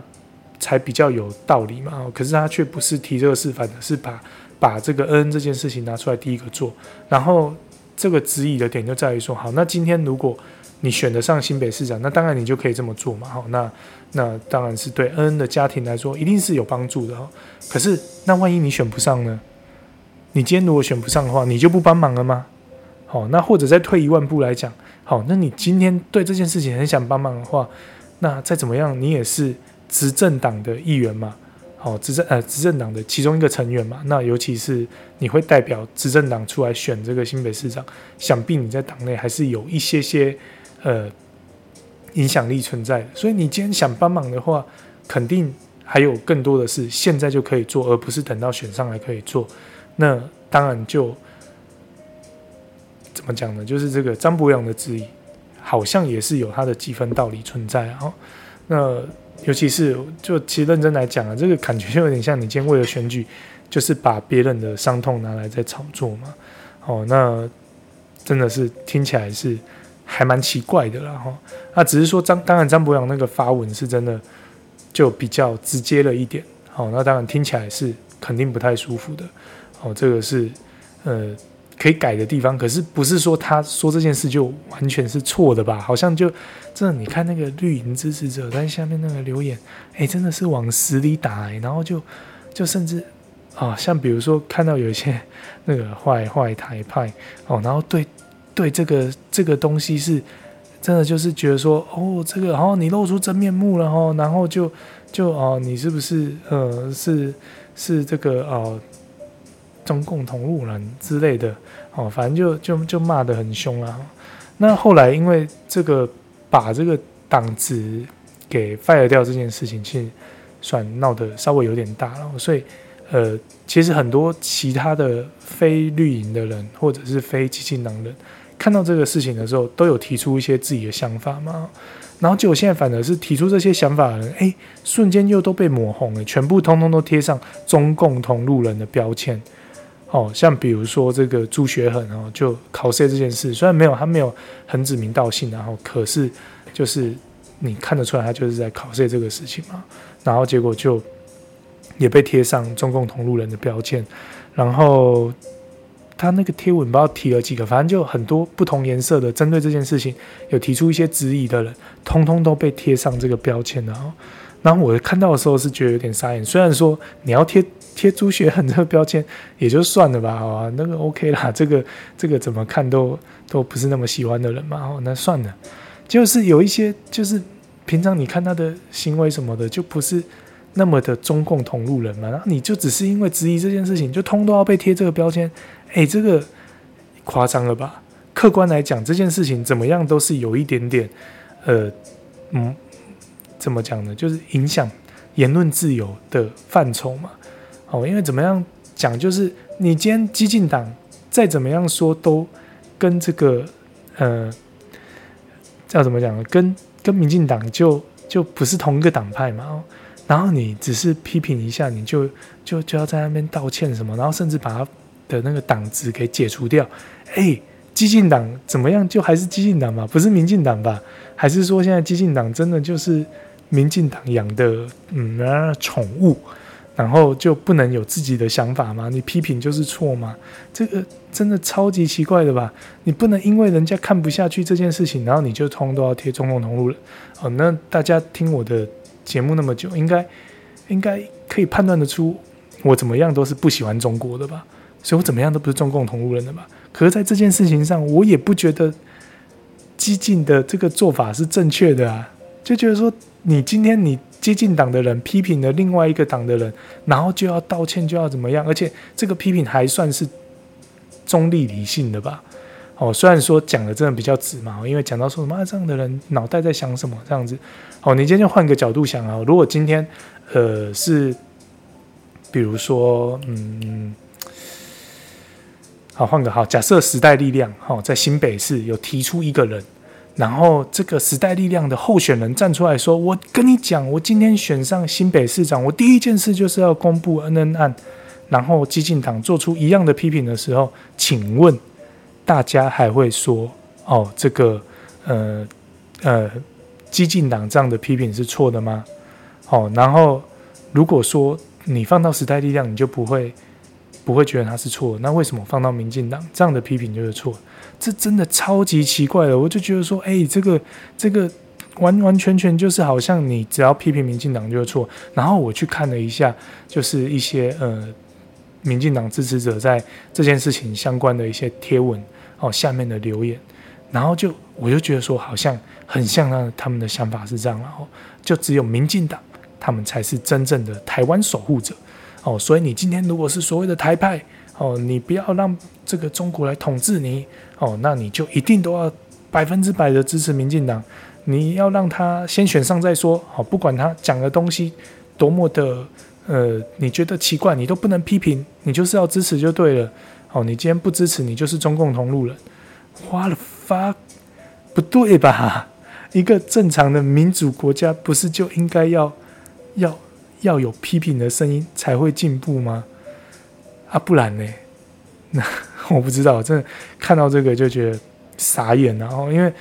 才比較有道理嘛。哦、可是他卻不是提這個事反的，是把把這個恩這件事情拿出來第一個做，然後這個質疑的點就在於說，好，那今天如果。你選得上新北市長，那當然你就可以這麼做嘛，好，那那當然是對恩恩的家庭來說一定是有幫助的哦，可是那萬一你選不上呢？你今天如果選不上的話，你就不幫忙了嗎？好，那或者再退一萬步來講，好，那你今天對這件事情很想幫忙的話，那再怎麼樣你也是執政黨的議員嘛，好，執政呃執政黨的其中一個成員嘛，那尤其是你會代表執政黨出來選這個新北市長，想必你在黨內還是有一些些。呃，影響力存在，所以你今天想幫忙的話，肯定還有更多的事現在就可以做，而不是等到選上來可以做。那當然就怎麼講呢？就是這個張博洋的質疑，好像也是有他的幾分道理存在啊。然、哦、那尤其是就其實認真來講啊，這個感覺就有點像你今天為了選舉，就是把別人的傷痛拿來再炒作嘛。哦，那真的是聽起來是。還蠻奇怪的啦，哈、哦，那、啊、只是說張當然張博洋那個發文是真的，就比較直接了一點，哦，那當然聽起來是肯定不太舒服的，哦，這個是呃可以改的地方，可是不是說他說這件事就完全是錯的吧？好像就這你看那個綠營支持者在下面那個留言，哎、欸，真的是往死裡打、欸，然後就就甚至啊、哦，像比如說看到有一些那個壞壞台派，哦，然後對。對這個這個東西是真的，就是覺得說，哦，這個，哦，你露出真面目了，哦。然後就就哦，你是不是呃，是是這個哦，中共同路人之類的，哦，反正就就就罵得很凶啊。那後來因為這個把這個黨職給 fire 掉這件事情，其實算鬧得稍微有點大了，所以呃，其實很多其他的非綠營的人或者是非基進黨人。看到這個事情的時候，都有提出一些自己的想法嘛，然後結果現在反而是提出這些想法的人，哎、欸，瞬間又都被抹紅了，全部通通都貼上中共同路人的標籤。哦，像比如說這個朱學恆哦，就考試這件事，雖然沒有他沒有很指名道姓、啊，然後可是就是你看得出來他就是在考試這個事情嘛，然後結果就也被貼上中共同路人的標籤，然後。他那個貼文，不知道提了幾個，反正就很多不同顏色的，針對這件事情有提出一些質疑的人，通通都被貼上這個標籤了。然後我看到的時候是覺得有點傻眼，雖然說你要貼貼朱學恆這個標籤也就算了吧，那個 OK 啦，這個這個怎麼看都都不是那麼喜歡的人嘛，哦，那算了。就是有一些，就是平常你看他的行為什麼的，就不是。那麼的中共同路人嘛，然後你就只是因為質疑這件事情，就通都要被貼這個標籤，誒、欸，這個誇張了吧？客觀來講，這件事情怎麼樣都是有一點點，呃，嗯，怎麼講呢？就是影響言論自由的範疇嘛。哦，因為怎麼樣講，就是你今天基進黨再怎麼樣說，都跟這個呃叫怎麼講呢？跟跟民進黨就就不是同一個黨派嘛。然後你只是批評一下，你就就就，就要在那邊道歉什麼，然後甚至把他的那個黨職給解除掉。誒，激進黨怎麼樣？就還是激進黨吧，不是民進黨吧？還是說現在激進黨真的就是民進黨養的嗯、啊、寵物？然後就不能有自己的想法嗎？你批評就是錯嗎？這個真的超級奇怪的吧？你不能因為人家看不下去這件事情，然後你就通通都要貼中共同路了？好、哦，那大家聽我的，節目那麼久，應該應該可以判斷得出，我怎麼樣都是不喜歡中國的吧，所以我怎麼樣都不是中共同路人的吧，可是，在這件事情上，我也不覺得激進的這個做法是正確的啊，就覺得說，你今天你激進黨的人批評了另外一個黨的人，然後就要道歉就要怎麼樣，而且這個批評還算是中立理性的吧。哦，雖然說講的真的比較直嘛，因為講到說什麼、啊、這樣的人腦袋在想什麼這樣子。好，你今天就換個角度想啊，如果今天呃是，比如說嗯，好，換個好，假設時代力量好，哦、在新北市有提出一個人，然後這個時代力量的候選人站出來說：“我跟你講，我今天選上新北市長，我第一件事就是要公布恩恩案。”然後基進黨做出一樣的批評的時候，請問。大家還會說哦，這個呃呃，基進黨這樣的批評是錯的嗎？哦，然後如果說你放到時代力量，你就不會不會覺得它是錯。那為什麼放到民進黨這樣的批評就是錯？這真的超級奇怪的。我就覺得說，哎，這個這個完完全全就是好像你只要批評民進黨就是錯。然後我去看了一下，就是一些呃民進黨支持者在這件事情相關的一些貼文。哦，下面的留言，然後就我就覺得說，好像很像那他們的想法是這樣了。哦，就只有民進黨，他們才是真正的台灣守護者。哦，所以你今天如果是所謂的台派，哦，你不要讓這個中國來統治你，哦，那你就一定都要百分之百的支持民進黨，你要讓他先選上再說。哦，不管他講的東西多麽的呃，你覺得奇怪，你都不能批評，你就是要支持就對了。哦，你今天不支持你就是中共同路人，What the fuck？不對吧？一個正常的民主國家不是就應該要要要有批評的聲音才會進步嗎？啊，不然呢？那我不知道，真的看到這個就覺得傻眼啊，了哦。因為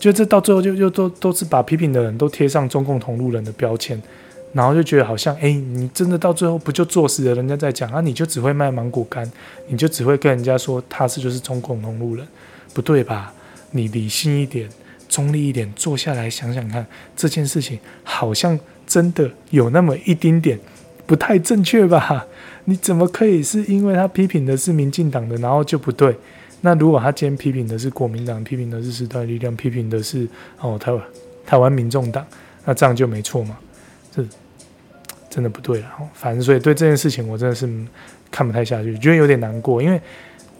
就這到最後就就都都是把批評的人都貼上中共同路人的標籤。然後就覺得好像，哎，你真的到最後不就坐實了人家在講啊？你就只會賣芒果乾，你就只會跟人家說他是就是中共同路人，不對吧？你理性一點，中立一點，坐下來想想看，這件事情好像真的有那麼一丁點不太正確吧？你怎麼可以是因為他批評的是民進黨的，然後就不對？那如果他今天批評的是國民黨，批評的是時代力量，批評的是哦台灣台灣民眾黨，那這樣就沒錯嘛？是。真的不對了，反正所以對這件事情我真的是看不太下去，覺得有點難過。因為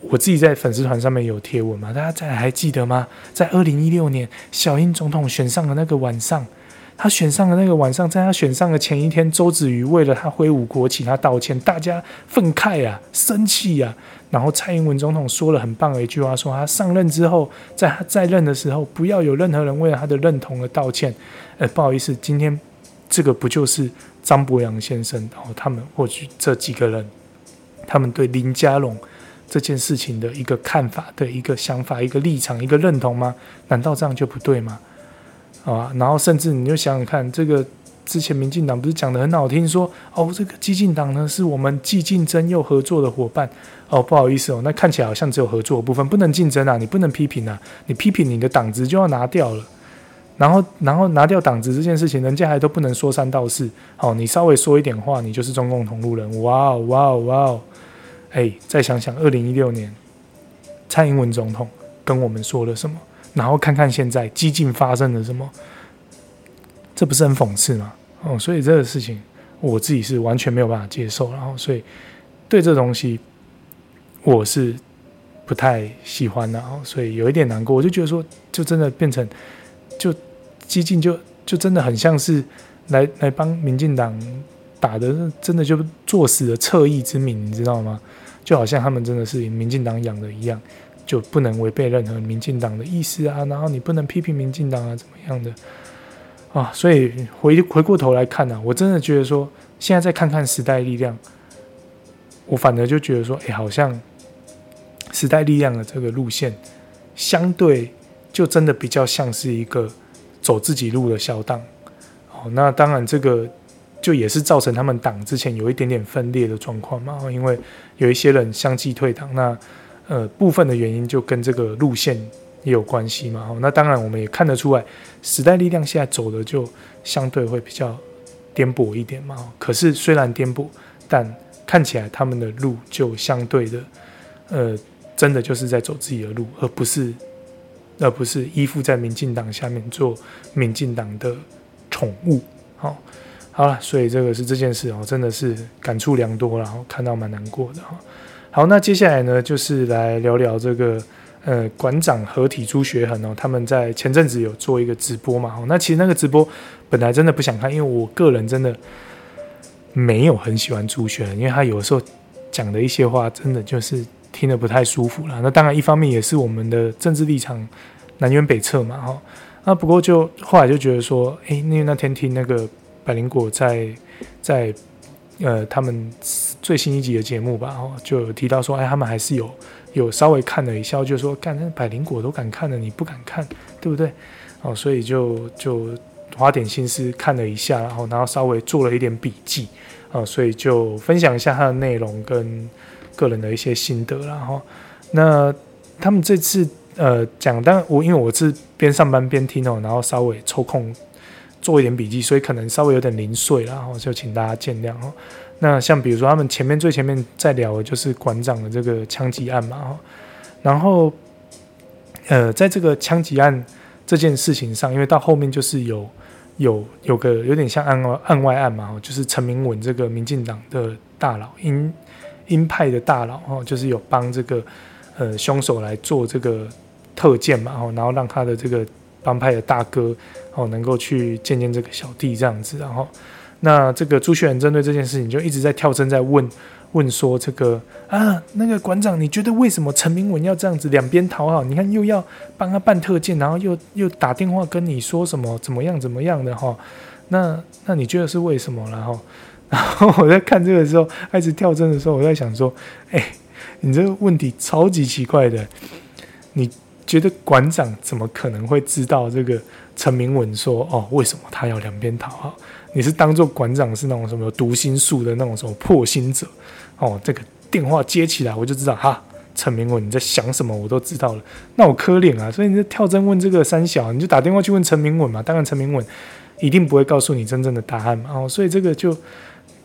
我自己在粉絲團上面有貼文嘛，大家在還記得嗎？在二零一六年小英總統選上的那個晚上，他選上的那個晚上，在他選上的前一天，周子瑜為了他揮舞國旗，請他道歉，大家憤慨啊、生氣呀、啊。然後蔡英文總統說了很棒的一句話，說他上任之後，在他在任的時候，不要有任何人為了他的認同而道歉。呃，不好意思，今天這個不就是？張博洋先生，後、哦、他們或許這幾個人，他們對林佳龍這件事情的一個看法、的一個想法、一個立場、一個認同嗎？難道這樣就不對嗎？啊、哦，然後甚至你就想想看，這個之前民進黨不是講得很好，聽說哦，這個基進黨呢是我們既競爭又合作的夥伴。哦，不好意思哦，那看起來好像只有合作的部分，不能競爭啊，你不能批評啊，你批評你的黨職就要拿掉了。然後，然後拿掉黨職這件事情，人家還都不能說三道四。好、哦，你稍微說一點話，你就是中共同路人。哇哦，哇哦，哇哦！哎，再想想二零一六年，蔡英文總統跟我們說了什麼，然後看看現在激進發生了什麼，這不是很諷刺嗎？哦，所以這個事情我自己是完全沒有辦法接受。然後，所以對這東西我是不太喜歡的。哦，所以有一點難過，我就覺得說，就真的變成就。激進就就真的很像是來來幫民進黨打的，真的就坐實的側翼之名，你知道嗎？就好像他們真的是民進黨養的一樣，就不能違背任何民進黨的意思啊，然後你不能批評民進黨啊，怎麼樣的啊？所以回回過頭來看啊，我真的覺得說，現在再看看時代力量，我反而就覺得說，哎，好像時代力量的這個路線，相對就真的比較像是一個。走自己路的小黨，哦，那當然這個就也是造成他們黨之前有一點點分裂的狀況嘛，因為有一些人相繼退黨，那呃部分的原因就跟這個路線也有關係嘛。哦，那當然我們也看得出來，時代力量現在走的就相對會比較顛簸一點嘛。可是雖然顛簸，但看起來他們的路就相對的，呃，真的就是在走自己的路，而不是。而不是依附在民進黨下面做民進黨的寵物，好，好了，所以這個是這件事哦，真的是感觸良多，然後看到蠻難過的。好，那接下來呢，就是來聊聊這個呃館長合體朱學恆哦，他們在前陣子有做一個直播嘛，那其實那個直播本來真的不想看，因為我個人真的沒有很喜歡朱學恆，因為他有時候講的一些話，真的就是。聽得不太舒服了，那當然一方面也是我們的政治立場南轅北轍嘛哈。那、哦啊、不過就後來就覺得說，誒、欸，因為那天聽那個百靈果在在呃他們最新一集的節目吧，哈、哦，就有提到說，哎、欸，他們還是有有稍微看了一下，就說幹，百靈果都敢看了，你不敢看，對不對？哦，所以就就花點心思看了一下，然後然後稍微做了一點筆記，啊、哦，所以就分享一下它的內容跟。個人的一些心得，然後那他們這次呃講，當然我因為我是邊上班邊聽哦，然後稍微抽空做一點筆記，所以可能稍微有點零碎了，然後就請大家見諒哦。那像比如說他們前面最前面在聊的就是館長的這個槍擊案嘛，然後呃在這個槍擊案這件事情上，因為到後面就是有有有個有點像案案外案嘛，就是陳明文這個民進黨的大佬因。鷹派的大佬哈、哦，就是有幫這個呃凶手來做這個特見嘛哈、哦，然後讓他的這個幫派的大哥哦能夠去見見這個小弟這樣子，然後那這個朱學恆針對這件事情就一直在跳針，在問，問說這個啊，那個館長，你覺得為什麼陳明文要這樣子兩邊討好？你看又要幫他辦特見，然後又又打電話跟你說什麼怎麼樣怎麼樣的哈、哦？那那你覺得是為什麼然後？哦然後我在看這個的時候，開始跳針的時候，我在想說，哎、欸，你這個問題超級奇怪的，你覺得館長怎麼可能會知道這個陳明文說哦，為什麼他要兩邊討好？你是當做館長是那種什麼讀心術的那種什麼破心者哦？這個電話接起來我就知道哈，陳明文你在想什麼我都知道了，那我磕臉啊，所以你在跳針問這個三小、啊，你就打電話去問陳明文嘛，當然陳明文一定不會告訴你真正的答案嘛，哦，所以這個就。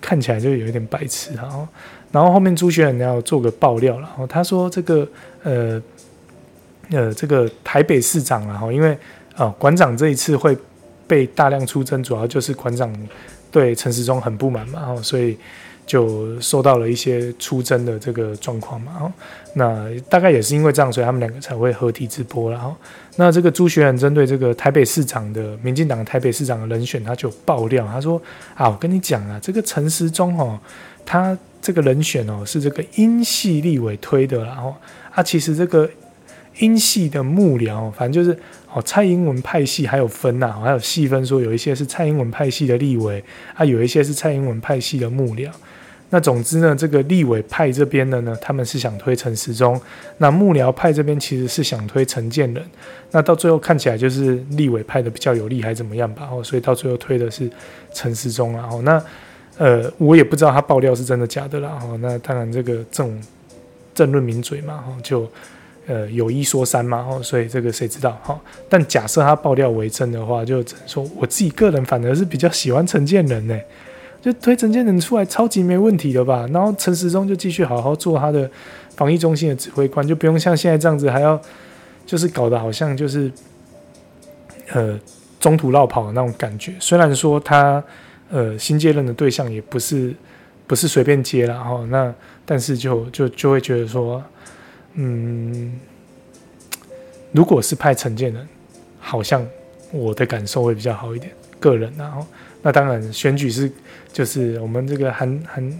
看起來就有一點白痴，然後，然後後面朱學恆要做個爆料，然後他說這個，呃，呃，這個台北市長了、啊，因為啊館、呃、長這一次會被大量出征，主要就是館長對陳時中很不滿嘛，然後所以。就受到了一些出征的這個狀況嘛，哦，那大概也是因為這樣，所以他們兩個才會合體直播然後、哦、那這個朱學恆針對這個台北市長的民進黨的台北市長的人選，他就爆料，他說：“啊，我跟你講啊，這個陳時中哦，他這個人選哦是這個英系立委推的啦、哦，然後啊，其實這個英系的幕僚、哦，反正就是哦蔡英文派系還有分吶、啊，還有細分說有一些是蔡英文派系的立委，啊有一些是蔡英文派系的幕僚。”那總之呢，這個立委派這邊的呢，他們是想推陳時中；那幕僚派這邊其實是想推陳建仁。那到最後看起來就是立委派的比較有利，還怎麼樣吧？哦，所以到最後推的是陳時中啊。哦，那呃，我也不知道他爆料是真的假的啦。哦，那當然這個政政論名嘴嘛，哦，就呃有一說三嘛。哦，所以這個誰知道？哈，但假設他爆料為真的話，就說我自己個人反而是比較喜歡陳建仁誒、欸。就推陳建仁出來，超級沒問題的吧？然後陳時中就繼續好好做他的防疫中心的指揮官，就不用像現在這樣子，還要就是搞得好像就是呃中途落跑的那種感覺。雖然說他呃新接任的對象也不是不是隨便接啦齁，那但是就就就會覺得說，嗯，如果是派陳建仁，好像我的感受會比較好一點，個人啦齁。那當然，選舉是就是我們這個韓韓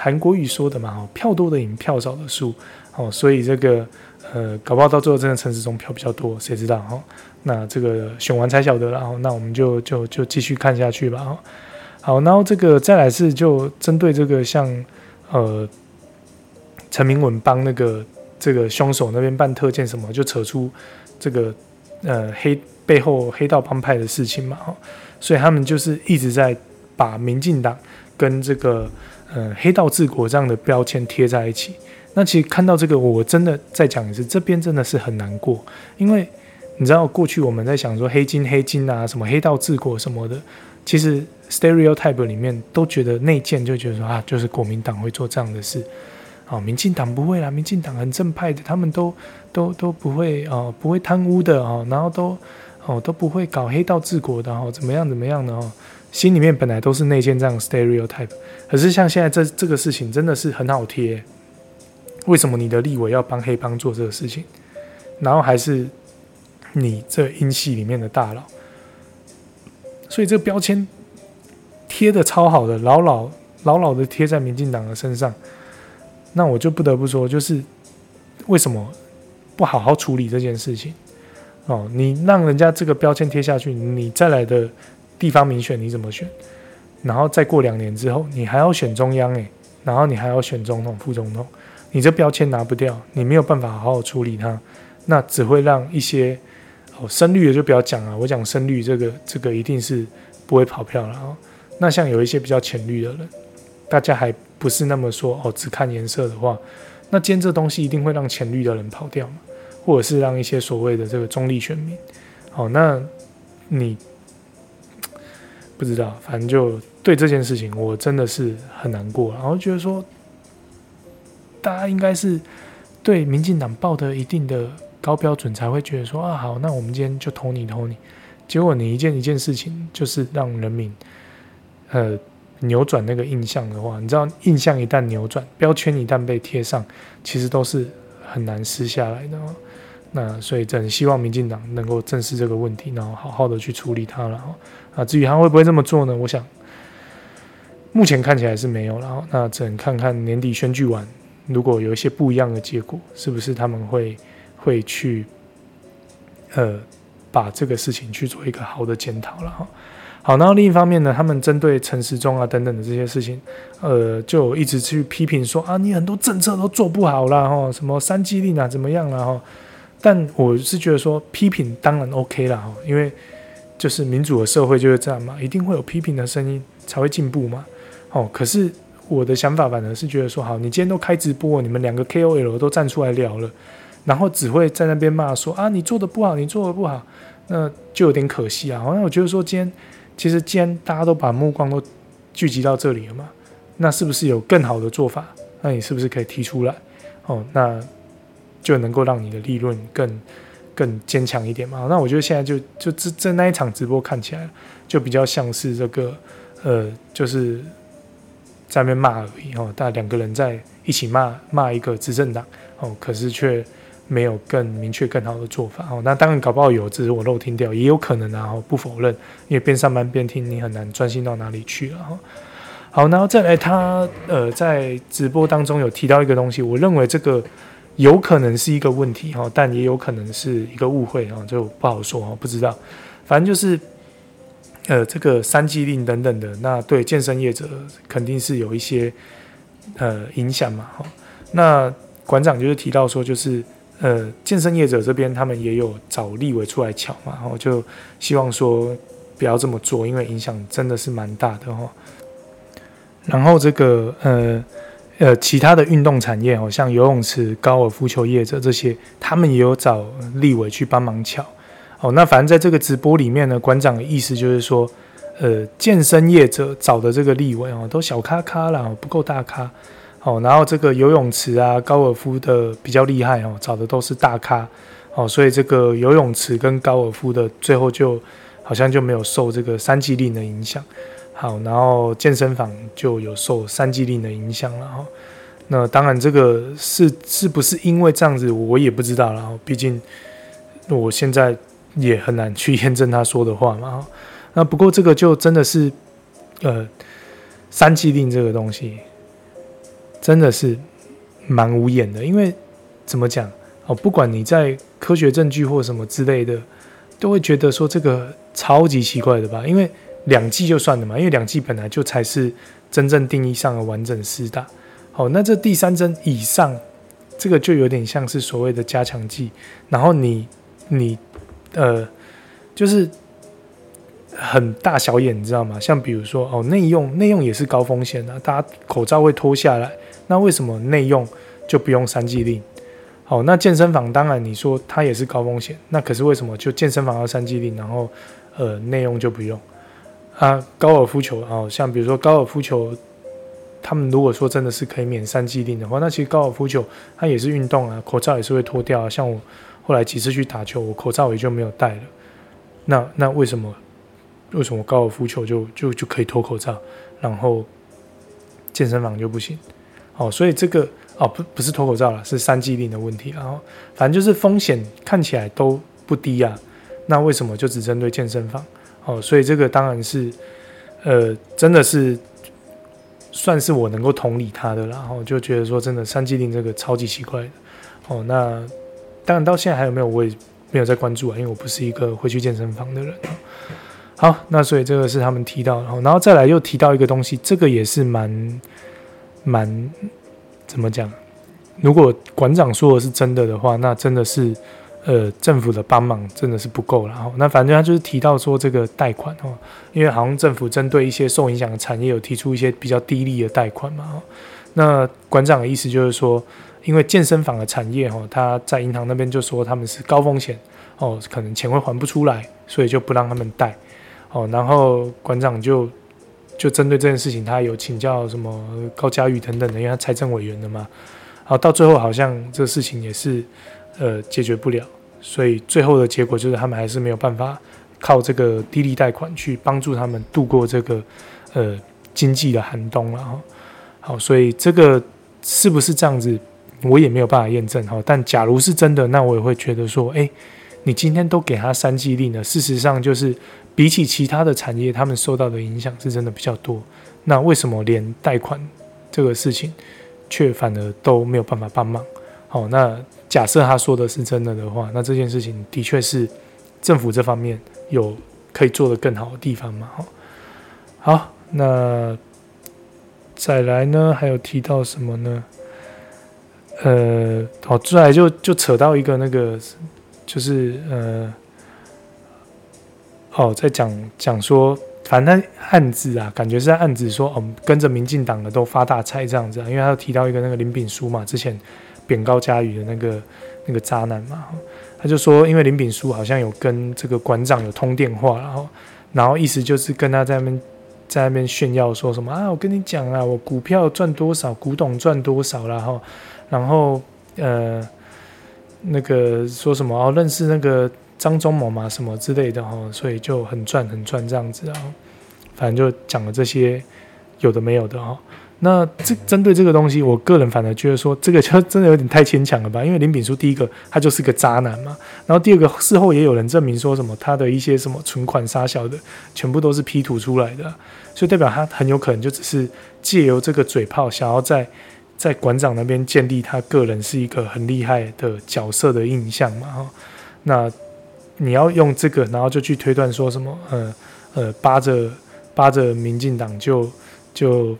韓國瑜說的嘛，哈，票多的贏，票少的輸，哦，所以這個呃，搞不好到最後真的陳時中票比較多，誰知道哈、哦？那這個選完才曉得了，然、哦、後那我們就就就繼續看下去吧，哈、哦。好，然後這個再來是就針對這個像呃陳明文幫那個這個凶手那邊辦特件什麼，就扯出這個呃黑背後黑道幫派的事情嘛，哈、哦。所以他們就是一直在把民進黨跟這個呃黑道治國這樣的標籤貼在一起。那其實看到這個，我真的在講是這邊真的是很難過，因為你知道過去我們在想說黑金黑金啊，什麼黑道治國什麼的，其實 stereotype 裡面都覺得內建就覺得說啊，就是國民黨會做這樣的事，啊、哦、民進黨不會啦，民進黨很正派的，他們都都都不會啊、哦，不會貪污的啊、哦，然後都。哦，都不會搞黑道治國的哦，怎麼樣，怎麼樣的哦，心裡面本來都是內建這樣的 stereotype，可是像現在這這個事情真的是很好貼，為什麼你的立委要幫黑幫做這個事情，然後還是你這英系裡面的大佬，所以這個標籤貼的超好的，牢牢牢牢的貼在民進黨的身上，那我就不得不說，就是為什麼不好好處理這件事情。哦，你讓人家這個標籤貼下去，你再來的地方民選你怎麼選？然後再過兩年之後，你還要選中央誒，然後你還要選總統、副總統，你這標籤拿不掉，你沒有辦法好好處理它，那只會讓一些哦深綠的就不要講了啊。我講深綠這個這個一定是不會跑票了啊哦。那像有一些比較淺綠的人，大家還不是那麼說哦只看顏色的話，那今天這東西一定會讓淺綠的人跑掉嘛？或者是讓一些所謂的這個中立選民，好，哦，那你不知道，反正就對這件事情，我真的是很難過。然後覺得說，大家應該是對民進黨抱的一定的高標準，才會覺得說啊，好，那我們今天就投你投你。結果你一件一件事情，就是讓人民呃扭轉那個印象的話，你知道，印象一旦扭轉，標籤一旦被貼上，其實都是很難撕下來的。那所以只希望民進黨能夠正視這個問題，然後好好的去處理它了哈。啊，至於他會不會這麼做呢？我想目前看起來是沒有了。那只能看看年底選舉完，如果有一些不一樣的結果，是不是他們會會去呃把這個事情去做一個好的檢討了哈。好，然後另一方面呢，他們針對陳時中啊等等的這些事情，呃，就一直去批評說啊，你很多政策都做不好了哈，什麼三劑令啊怎麼樣了、啊、哈。但我是覺得說，批評當然 OK 了哈，因為就是民主的社會就是這樣嘛，一定會有批評的聲音才會進步嘛。哦，可是我的想法反而是覺得說，好，你今天都開直播，你們兩個 KOL 都站出來聊了，然後只會在那邊罵說啊，你做得不好，你做得不好，那就有點可惜啊。像我覺得說，今天其實既然大家都把目光都聚集到這裡了嘛，那是不是有更好的做法？那你是不是可以提出來？哦，那。就能夠讓你的利潤更更堅強一點嘛？那我覺得現在就就這這那一場直播看起來，就比較像是這個呃，就是在那邊罵而已，哦，大家兩個人在一起罵罵一個執政黨哦，可是卻沒有更明確、更好的做法哦。那當然搞不好有，只是我漏聽掉，也有可能啊。哦，不否認，因為邊上班邊聽，你很難專心到哪裡去啊，哦。好，然後再來他，他呃，在直播當中有提到一個東西，我認為這個。有可能是一個問題哈，但也有可能是一個誤會哈，就不好說哈，不知道。反正就是，呃，這個三級令等等的，那對健身業者肯定是有一些呃影響嘛哈。那館長就是提到說，就是呃，健身業者這邊他們也有找立委出來喬嘛，然後就希望說不要這麼做，因為影響真的是蠻大的哈。然後這個呃。呃，其他的運動產業哦，像游泳池、高爾夫球業者這些，他們也有找立委去幫忙喬。哦，那反正在這個直播裡面呢，館長的意思就是說，呃，健身業者找的這個立委哦，都小咖咖啦，不夠大咖。哦，然後這個游泳池啊、高爾夫的比較厲害哦，找的都是大咖。哦，所以這個游泳池跟高爾夫的最後就好像就沒有受這個三級令的影響。好，然後健身房就有受三級令的影響了。那當然，這個是是不是因為這樣子，我也不知道。然後，畢竟我現在也很難去驗證他說的話嘛。那不過這個就真的是，呃，三級令這個東西真的是蠻無言的，因為怎麼講哦？不管你在科學證據或什麼之類的，都會覺得說這個超級奇怪的吧，因為。兩劑就算了嘛，因為兩劑本來就才是真正定義上的完整施打。好，那這第三針以上，這個就有點像是所謂的加強劑。然後你你呃，就是很大小眼，你知道嗎？像比如說哦，內用內用也是高風險的，啊，大家口罩會脫下來。那為什麼內用就不用三劑令？好，那健身房當然你說它也是高風險，那可是為什麼就健身房要三劑令，然後呃內用就不用？啊，高爾夫球哦，像比如說高爾夫球，他們如果說真的是可以免三劑令的話，那其實高爾夫球它也是運動啊，口罩也是會脫掉啊。像我後來幾次去打球，我口罩也就沒有戴了。那那為什麼為什麼高爾夫球就就就，就可以脫口罩，然後健身房就不行？哦，所以這個哦不不是脫口罩了，是三劑令的問題啊。然後反正就是風險看起來都不低啊，那為什麼就只針對健身房？哦，所以這個當然是，呃，真的是算是我能夠同理他的啦，然後、哦、就覺得說真的，三七零這個超級奇怪的。哦，那當然到現在還有沒有，我也沒有在關注啊，因為我不是一個會去健身房的人。好，那所以這個是他們提到、哦，然後再來又提到一個東西，這個也是蠻蠻怎麼講？如果館長說的是真的的話，那真的是。呃，政府的幫忙真的是不夠了。吼，那反正他就是提到說這個貸款，哦，因為好像政府針對一些受影響的產業有提出一些比較低利的貸款嘛。那館長的意思就是說，因為健身房的產業，吼，他在銀行那邊就說他們是高風險，哦，可能錢會還不出來，所以就不讓他們貸，哦。然後館長就就針對這件事情，他有請教什麼高嘉瑜等等的，因為他財政委員的嘛。好，到最後好像這個事情也是呃解決不了。所以最後的結果就是，他們還是沒有辦法靠這個低利貸款去幫助他們度過這個呃經濟的寒冬了哈。好，所以這個是不是這樣子，我也沒有辦法驗證哈。但假如是真的，那我也會覺得說，誒、欸，你今天都給他三季利呢，事實上就是比起其他的產業，他們受到的影響是真的比較多。那為什麼連貸款這個事情卻反而都沒有辦法幫忙？好，那。假設他說的是真的的話，那這件事情的確是政府這方面有可以做得更好的地方嘛。好，那再來呢？還有提到什麼呢？呃，好、哦，再來就就扯到一個那個，就是呃，哦，在講講說，反正暗指啊，感覺是在暗指說，嗯、哦，跟着民進黨的都發大財這樣子、啊，因為他有提到一個那個林炳書嘛，之前。扁高嘉瑜的那個那個渣男嘛，他就說，因為林秉樞好像有跟這個館長有通電話，然後然後意思就是跟他在那邊在那邊炫耀說什麼啊，我跟你講啊，我股票賺多少，古董賺多少啦，然後然後呃那個說什麼哦，認識那個張忠謀嘛，什麼之類的哈，所以就很賺很賺這樣子啊，反正就講了這些有的沒有的哈。那這針對這個東西，我個人反而覺得說，這個就真的有點太牽強了吧。因為林秉樞第一個，他就是個渣男嘛。然後第二個，事後也有人證明說什麼他的一些什麼存款殺小的，全部都是 P 圖出來的，啊，所以代表他很有可能就只是借由這個嘴炮，想要在在館長那邊建立他個人是一個很厲害的角色的印象嘛。哈，那你要用這個，然後就去推斷說什麼，呃呃，扒着扒着民進黨就就。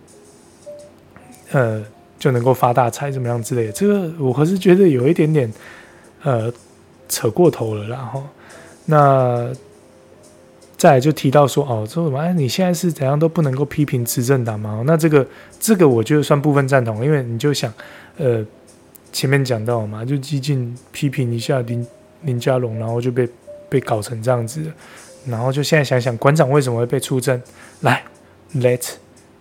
呃，就能夠發大財怎麼樣之類的，這個我還是覺得有一點點，呃，扯過頭了啦。然後，那再來就提到說，哦，說什麼，哎，你現在是怎樣都不能夠批評執政黨嗎？那這個，這個我就算部分贊同，因為你就想，呃，前面講到嘛，就激進批評一下林林佳龍，然後就被被搞成這樣子。然後就現在想想，館長為什麼會被出征？來，let's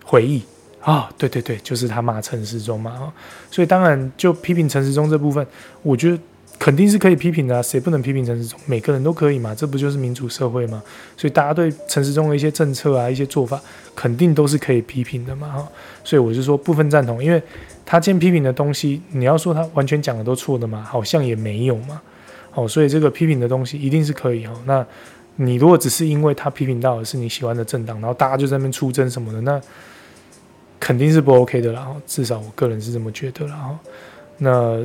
回憶。啊、哦，對對對，就是他罵陳時中嘛，哈、哦，所以當然就批評陳時中這部分，我覺得肯定是可以批評的、啊，誰不能批評陳時中？每個人都可以嘛，這不就是民主社會嘛。所以大家對陳時中的一些政策啊、一些做法，肯定都是可以批評的嘛，哈、哦。所以我就說部分贊同，因為他今天批評的東西，你要說他完全講的都錯的嘛，好像也沒有嘛，哦、所以這個批評的東西一定是可以哈、哦。那你如果只是因為他批評到的是你喜歡的政黨，然後大家就在那邊出征什麼的，那。肯定是不 OK 的啦，至少我個人是這麼覺得啦。那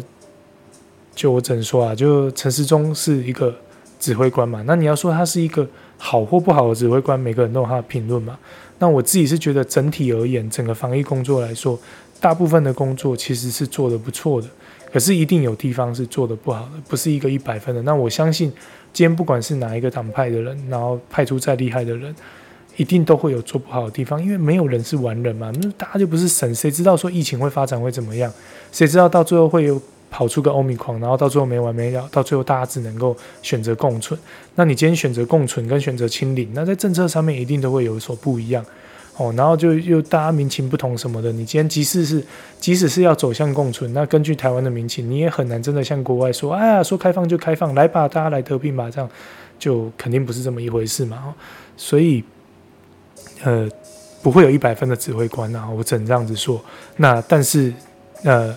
就我只能說啊，就陳時中是一個指揮官嘛，那你要說他是一個好或不好的指揮官，每個人都有他的評論嘛。那我自己是覺得整體而言，整個防疫工作來說，大部分的工作其實是做得不錯的，可是一定有地方是做得不好的，不是一個一百分的。那我相信，今天不管是哪一個黨派的人，然後派出再厲害的人。一定都會有做不好的地方，因為沒有人是完人嘛，那大家就不是神，誰知道說疫情會發展會怎麼樣？誰知道到最後會有跑出個 Omicron，然後到最後沒完沒了，到最後大家只能夠選擇共存。那你今天選擇共存跟選擇清零，那在政策上面一定都會有所不一樣哦。然後就就大家民情不同什麼的，你今天即使是即使是要走向共存，那根據台灣的民情，你也很難真的像國外說，哎呀，說開放就開放，來吧，大家來得病吧，這樣就肯定不是這麼一回事嘛。所以。呃，不會有一百分的指揮官啊！我只能這樣子說。那但是，呃，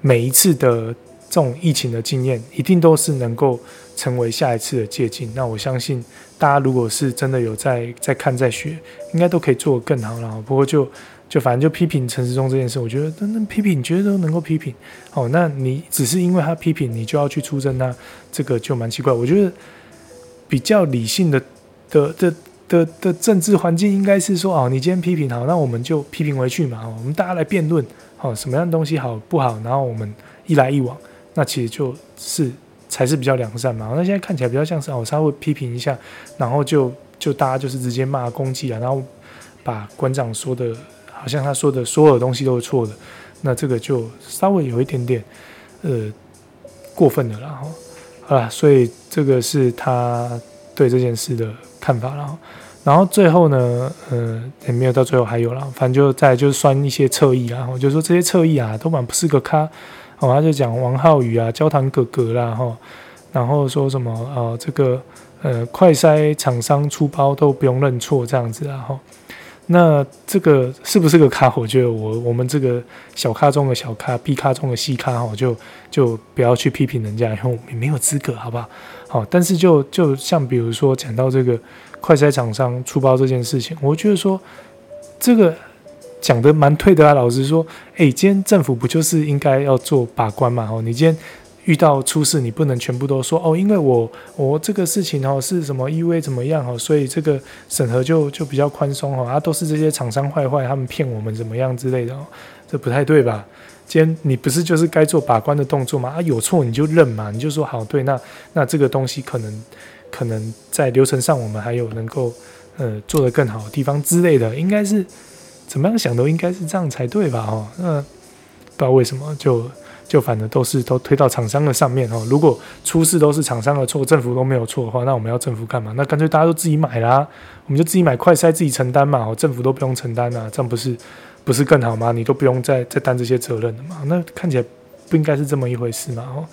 每一次的這種疫情的經驗，一定都是能夠成為下一次的借鑑。那我相信大家如果是真的有在在看在學，應該都可以做得更好了啊。不過就就反正就批評陳時中這件事，我覺得那那批評你覺得都能夠批評。哦，那你只是因為他批評你就要去出征啊，這個就蠻奇怪。我覺得比較理性的的的。的的的政治環境應該是說，哦，你今天批評好，那我們就批評回去嘛，哦。我們大家來辯論，哦，什麼樣的東西好不好？然後我們一來一往，那其實就是才是比較良善嘛，哦。那現在看起來比較像是哦，稍微批評一下，然後就就大家就是直接罵攻擊啊，然後把館長說的，好像他說的所有東西都是錯的。那這個就稍微有一點點，呃，過分的了哈。好，啊，哦，所以這個是他對這件事的。看法了，然後最後呢，呃，也沒有到最後還有了，反正就再就是算一些側翼啊，我就說這些側翼啊都蠻不是個咖，然、哦、後他就講王浩宇啊、焦糖哥哥啦，哈、哦，然後說什麼啊、哦，這個呃快篩廠商出包都不用認錯這樣子啊，哈、哦。那這個是不是個咖？我覺得我我們這個小咖中的小咖，B 咖中的 C 咖，我、哦、就就不要去批評人家，因為我們也沒有資格，好不好？好，但是就就像比如說講到這個快篩廠商出包這件事情，我覺得說這個講得蠻對的啊。老實說，哎，今天政府不就是應該要做把關嘛？哦，你今天。遇到出事，你不能全部都說哦，因為我我這個事情哦是什麼意味怎麼樣哦，所以這個審核就就比較寬鬆哦，啊都是這些廠商壞壞，他們騙我們怎麼樣之類的、哦，這不太對吧？今天你不是就是該做把關的動作嗎？啊有錯你就認嘛，你就說好對，那那這個東西可能可能在流程上我們還有能夠呃做得更好的地方之類的，應該是怎麼樣想都應該是這樣才對吧？哦，那不知道為什麼就。就反正都是都推到廠商的上面哦。如果出事都是廠商的錯，政府都沒有錯的話，那我們要政府幹嘛？那乾脆大家都自己買啦，啊，我們就自己買快篩自己承擔嘛。哦，政府都不用承擔啦，啊，這樣不是不是更好嗎？你都不用再再擔這些責任的嘛。那看起來不應該是這麼一回事嘛。哦，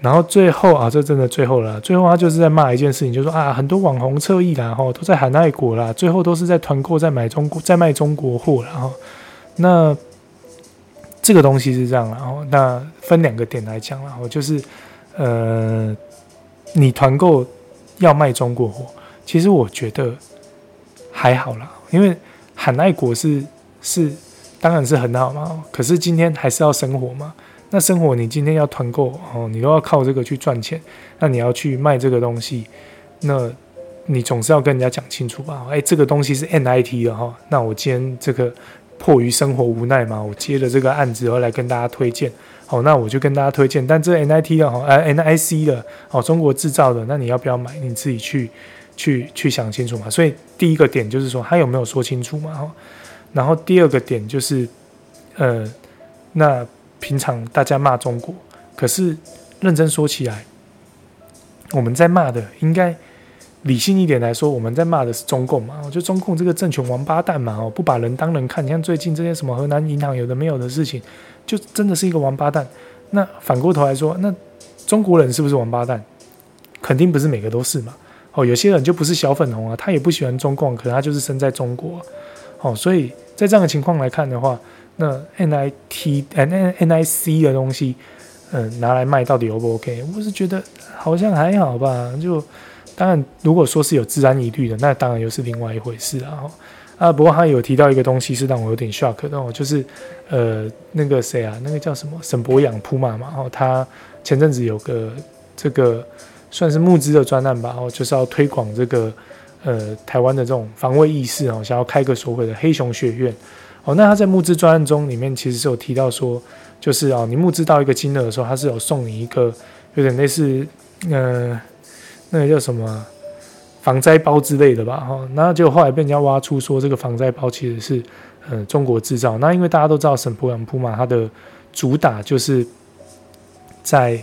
然後最後啊，這真的最後了，最後他就是在罵一件事情，就是、說啊，很多網紅啦，側藝側翼然後都在喊愛國啦，最後都是在團購在買中國在賣中國貨，哦，然後那。這個東西是這樣，然後那分兩個點來講，然後就是，呃，你團購要賣中國貨，其實我覺得還好啦，因為喊愛國是是，當然是很好嘛。可是今天還是要生活嘛，那生活你今天要團購哦，你都要靠這個去賺錢，那你要去賣這個東西，那你總是要跟人家講清楚吧？誒、欸，這個東西是 MIT 的哈，那我今天這個。迫於生活無奈嘛，我接了這個案子，後來跟大家推薦。好，那我就跟大家推薦，但這 NIT 的，呃，NIC 的，好、哦，中國製造的，那你要不要買？你自己去，去，去想清楚嘛。所以第一個點就是說，他有沒有說清楚嘛？然後第二個點就是，呃，那平常大家罵中國，可是認真說起來，我們在罵的應該。理性一點來說，我們在罵的是中共嘛？就中共這個政權王八蛋嘛？哦，不把人當人看。你像最近這些什麼河南銀行有的沒有的事情，就真的是一個王八蛋。那反過頭來說，那中國人是不是王八蛋？肯定不是每個都是嘛。哦，有些人就不是小粉紅啊，他也不喜歡中共，可能他就是生在中國啊。哦，所以在這樣的情況來看的話，那 NIT、NNNIC 的東西，嗯、呃，拿來賣到底 O 不 OK？我是覺得好像還好吧，就。當然，如果說是有治安疑慮的，那當然又是另外一回事了啊，不過他有提到一個東西，是讓我有點 shock，讓我就是，呃，那個誰啊，那個叫什麼沈伯洋 Puma 嘛。然、哦、後他前陣子有個這個算是募資的專案吧，然後就是要推廣這個呃台灣的這種防衛意識哦，想要開個所謂的黑熊學院。哦，那他在募資專案中裡面其實是有提到說，就是啊、哦，你募資到一個金額的時候，他是有送你一個有點類似，嗯、呃。那個叫什麼防災包之類的吧，哈，那就後來被人家挖出說這個防災包其實是，呃，中國製造。那因為大家都知道沈伯洋嘛，他的主打就是在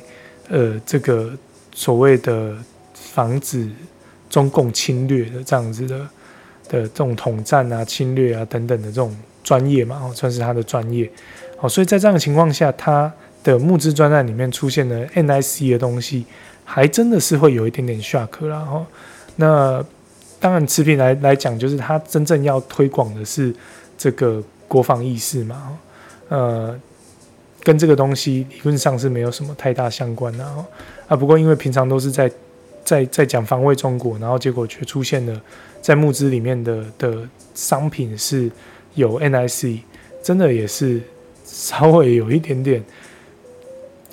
呃這個所謂的防止中共侵略的這樣子的的這種統戰啊、侵略啊等等的這種專業嘛，哦，算是他的專業。哦，所以在這樣的情況下，他的募資專案裡面出現了 NIC 的東西。還真的是會有一點點 shock 啦。哈、哦。那當然持平來來講，就是他真正要推廣的是這個國防意識嘛，哈、哦。呃，跟這個東西理論上是沒有什麼太大相關的，哈、哦。啊，不過因為平常都是在在在講防衛中國，然後結果卻出現了在募資裡面的的商品是有 NIC，真的也是稍微有一點點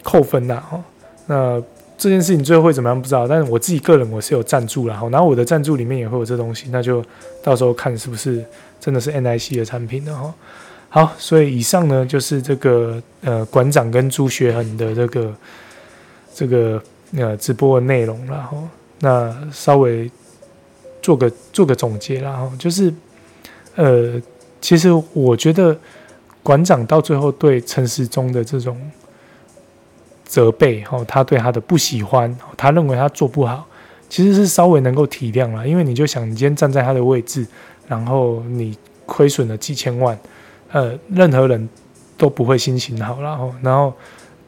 扣分啦。哈、哦。那這件事情最後會怎麼樣不知道，但是我自己個人我是有贊助然後，然後我的贊助裡面也會有這東西，那就到時候看是不是真的是 NIC 的產品然後。好，所以以上呢就是這個呃館長跟朱學恆的這個這個呃直播的內容然後那稍微做個做個總結然後，就是呃其實我覺得館長到最後對陳時中的這種。責備哦，他對他的不喜歡、哦，他認為他做不好，其實是稍微能夠體諒了，因為你就想，你今天站在他的位置，然後你虧損了幾千萬，呃，任何人都不會心情好啦，然、哦、後，然後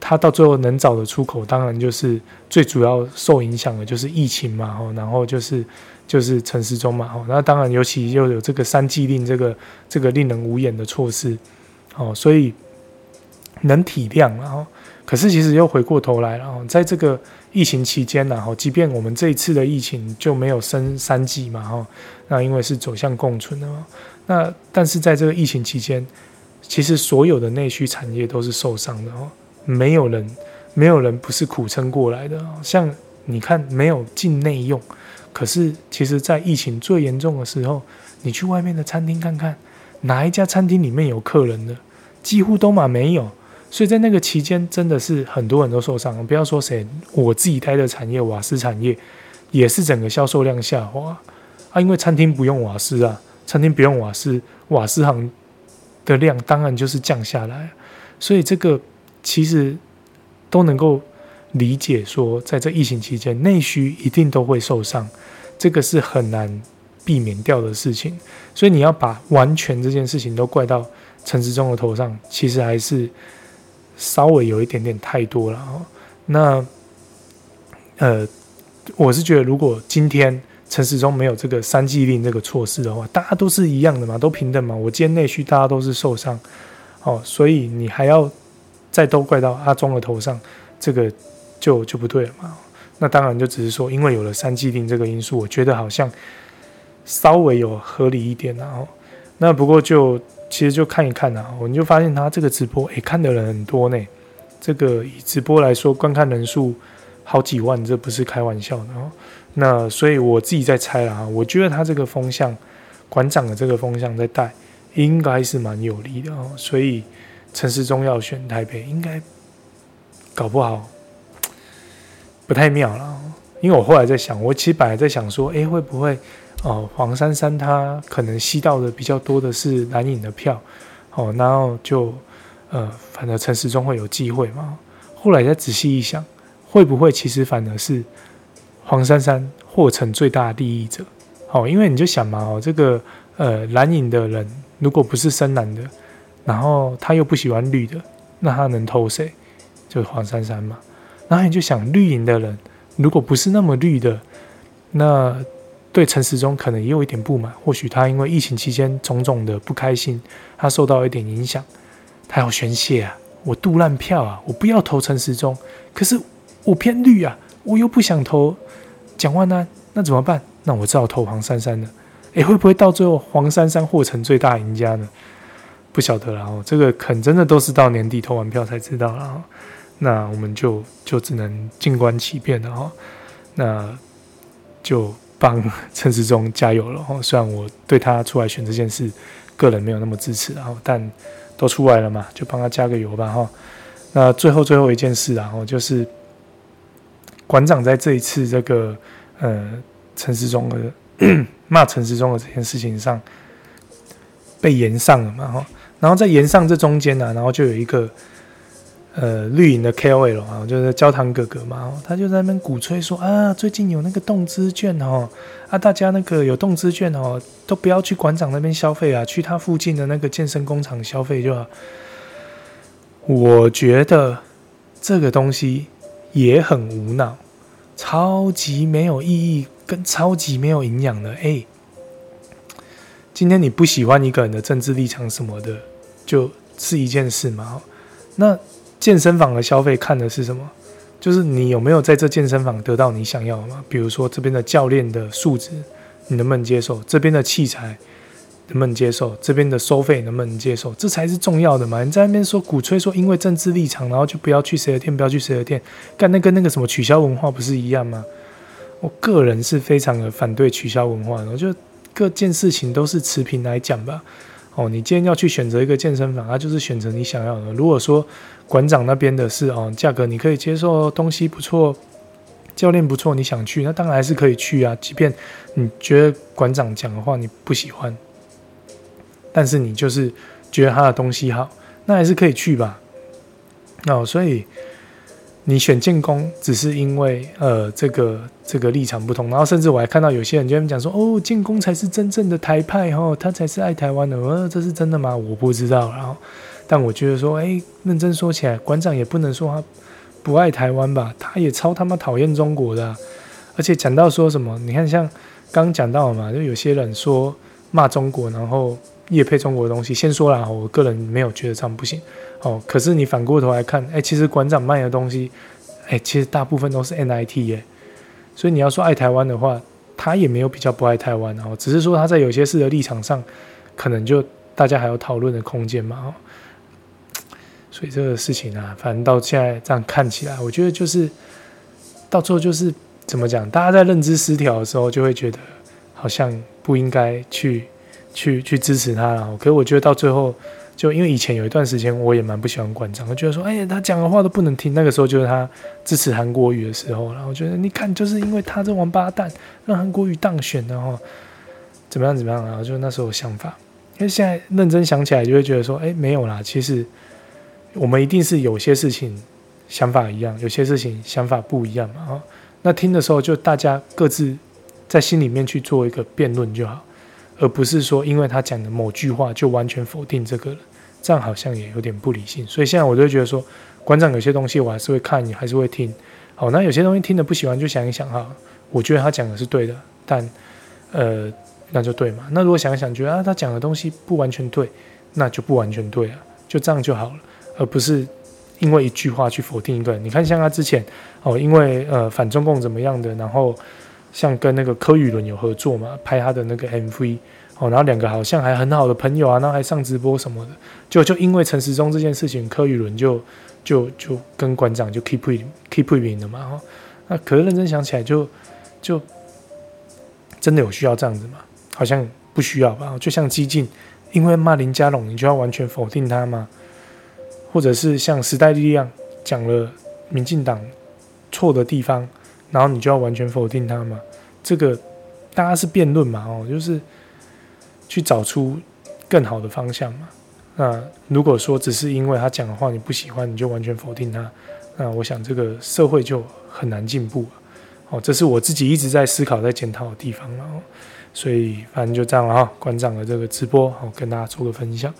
他到最後能找的出口，當然就是最主要受影響的就是疫情嘛，哦、然後就是就是陳時中嘛，哦，那當然，尤其又有這個三級令，這個這個令人無言的措施，哦，所以能體諒嘛，然、哦可是其實又回過頭來了，在這個疫情期間呢，即便我們這一次的疫情就沒有升三級嘛，哈，那因為是走向共存的，那但是在這個疫情期間，其實所有的內需產業都是受傷的，哈，沒有人，沒有人不是苦撐過來的。像你看，沒有禁內用，可是其實，在疫情最嚴重的時候，你去外面的餐廳看看，哪一家餐廳裡面有客人的？幾乎都嘛沒有。所以在那個期間，真的是很多人都受傷。不要說誰，我自己待的產業瓦斯產業，也是整個銷售量下滑啊。因為餐廳不用瓦斯啊，餐廳不用瓦斯，瓦斯行的量當然就是降下來。所以這個其實都能夠理解，說在這疫情期間，內需一定都會受傷，這個是很難避免掉的事情。所以你要把完全這件事情都怪到陳時中的頭上，其實還是。稍微有一點點太多了哦。那呃，我是覺得，如果今天陳時中沒有這個三級令這個措施的話，大家都是一樣的嘛，都平等嘛。我今天內需大家都是受傷哦，所以你還要再都怪到阿中的頭上，這個就就不對了嘛。那當然就只是說，因為有了三級令這個因素，我覺得好像稍微有合理一點了哦，然後那不過就。其實就看一看吶、啊，我們就發現他這個直播，哎，看的人很多呢。這個以直播來說，觀看人數好幾萬，這不是開玩笑的哦。那所以我自己在猜了、啊、我覺得他這個風向，館長的這個風向在帶，應該是蠻有利的哦。所以陳時中要選台北，應該搞不好不太妙了。因為我後來在想，我其實本來在想說，誒會不會？哦，黃珊珊她可能吸到的比較多的是藍營的票，哦，然後就呃，反正陳時中會有機會嘛。後來再仔細一想，會不會其實反而是黃珊珊或成最大利益者？哦，因為你就想嘛，哦，這個呃藍營的人如果不是深藍的，然後他又不喜歡綠的，那他能投誰？就黃珊珊嘛。然後你就想綠營的人如果不是那麼綠的，那。對陳時中可能也有一點不滿，或許他因為疫情期間種種的不開心，他受到一點影響，他要宣泄啊，我賭爛票啊，我不要投陳時中，可是我偏綠啊，我又不想投蔣萬安，那怎麼辦？那我只好投黃珊珊了。哎、欸，會不會到最後黃珊珊或成最大贏家呢？不曉得了哦，這個肯真的都是到年底投完票才知道了、哦。那我們就就只能靜觀其變了哦，那就。幫陳時中加油了哈，雖然我對他出來選這件事，個人沒有那麼支持，然後但都出來了嘛，就幫他加個油吧哈。那最後最後一件事、啊，然後就是館長在這一次這個呃陳時中的罵陳時中的這件事情上被炎上了嘛哈，然後在炎上這中間呢、啊，然後就有一個。呃，綠營的 K O L 啊，就是焦糖哥哥嘛，哦，他就在那邊鼓吹說啊，最近有那個動資券哦，啊，大家那個有動資券哦，都不要去館長那邊消費啊，去他附近的那個健身工廠消費就好。我覺得這個東西也很無腦，超級沒有意義，跟超級沒有營養的。哎，欸，今天你不喜歡一個人的政治立場什麼的，就是一件事嘛，哦，那。健身房的消費看的是什麼？就是你有沒有在這健身房得到你想要的嗎？比如說這邊的教練的素質，你能不能接受？這邊的器材能不能接受？這邊的收費能不能接受？這才是重要的嘛！你在那邊說鼓吹說因為政治立場，然後就不要去誰的店，不要去誰的店，幹那跟那個什麼取消文化不是一樣嗎？我個人是非常的反對取消文化的，我覺得各件事情都是持平來講吧。哦，你今天要去選擇一個健身房，那、啊、就是選擇你想要的。如果說館長那邊的是哦，價格你可以接受，東西不錯，教練不錯，你想去，那當然還是可以去啊。即便你覺得館長講的話你不喜歡，但是你就是覺得他的東西好，那還是可以去吧。那、哦、所以。你選進攻，只是因為呃，這個這個立場不同。然後甚至我還看到有些人就講說，哦，進攻才是真正的台派哦，他才是愛台灣的。我、哦、這是真的嗎？我不知道。然後，但我覺得說，哎、欸，認真說起來，館長也不能說他不愛台灣吧？他也超他媽討厭中國的、啊。而且講到說什麼，你看像剛剛講到嘛，就有些人說罵中國，然後。也配中國的東西，先說了，我個人沒有覺得這樣不行哦。可是你反過頭來看，哎、欸，其實館長賣的東西，哎、欸，其實大部分都是 NIT 耶。所以你要說愛台灣的話，他也沒有比較不愛台灣哦，只是說他在有些事的立場上，可能就大家還有討論的空間嘛。哦，所以這個事情啊，反正到現在這樣看起來，我覺得就是到最後就是怎麼講，大家在認知失調的時候，就會覺得好像不應該去。去去支持他然後，可是我覺得到最後，就因為以前有一段時間，我也蠻不喜歡館長，我覺得說，哎、欸、呀，他講的話都不能聽。那個時候就是他支持韓國瑜的時候了，我覺得你看，就是因為他這王八蛋讓韓國瑜當選，然後怎麼樣怎麼樣然、啊、後就那時候想法，因為現在認真想起來就會覺得說，哎、欸，沒有啦，其實我們一定是有些事情想法一樣，有些事情想法不一樣嘛。哦，那聽的時候就大家各自在心裡面去做一個辯論就好。而不是說，因為他講的某句話就完全否定這個人，這樣好像也有點不理性。所以現在我就覺得說，館長有些東西我還是會看，還是會聽。好，那有些東西聽得不喜歡，就想一想哈。我覺得他講的是對的，但呃，那就對嘛。那如果想一想，覺得，啊，他講的東西不完全對，那就不完全對了，就這樣就好了，而不是因為一句話去否定一個人。你看，像他之前哦，因為呃反中共怎麼樣的，然後。像跟那個柯宇倫有合作嘛，拍他的那個 MV，哦，然後兩個好像還很好的朋友啊，那還上直播什麼的，就就因為陳時中這件事情，柯宇倫就就就跟館長就 keep it keep it 了嘛，那、哦啊、可是認真想起來就，就就真的有需要這樣子嗎？好像不需要吧，就像激進，因為罵林佳龍，你就要完全否定他嗎？或者是像時代力量講了民進黨錯的地方，然後你就要完全否定他嘛，這個大家是辯論嘛？哦，就是去找出更好的方向嘛。那如果說只是因為他講的話你不喜歡，你就完全否定他，那我想這個社會就很難進步了。哦，這是我自己一直在思考、在檢討的地方了。所以反正就這樣了哈。館長的這個直播，好、哦、跟大家做個分享。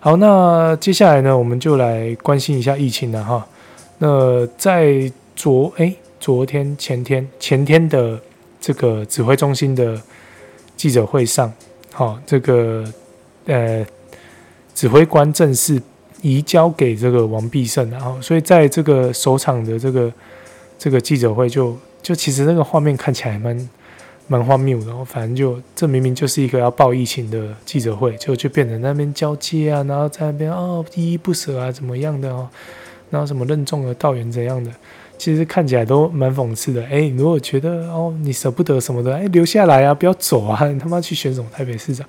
好，那接下來呢，我們就來關心一下疫情了哈、哦。那在昨哎。誒昨天前天前天的這個指揮中心的記者會上，好、哦，這個呃指揮官正式移交給這個王必勝，然後、哦、所以在這個首場的這個這個記者會就就其實那個畫面看起來蠻蠻荒謬的、哦，反正就這明明就是一個要報疫情的記者會，就就變成那邊交接啊，然後在那邊哦依依不捨啊怎麼樣的哦，然後什麼任重而道遠怎樣的。其實看起來都蠻諷刺的，哎，如果覺得哦你捨不得什麼的，哎，留下來啊，不要走啊，你他媽去選總台北市長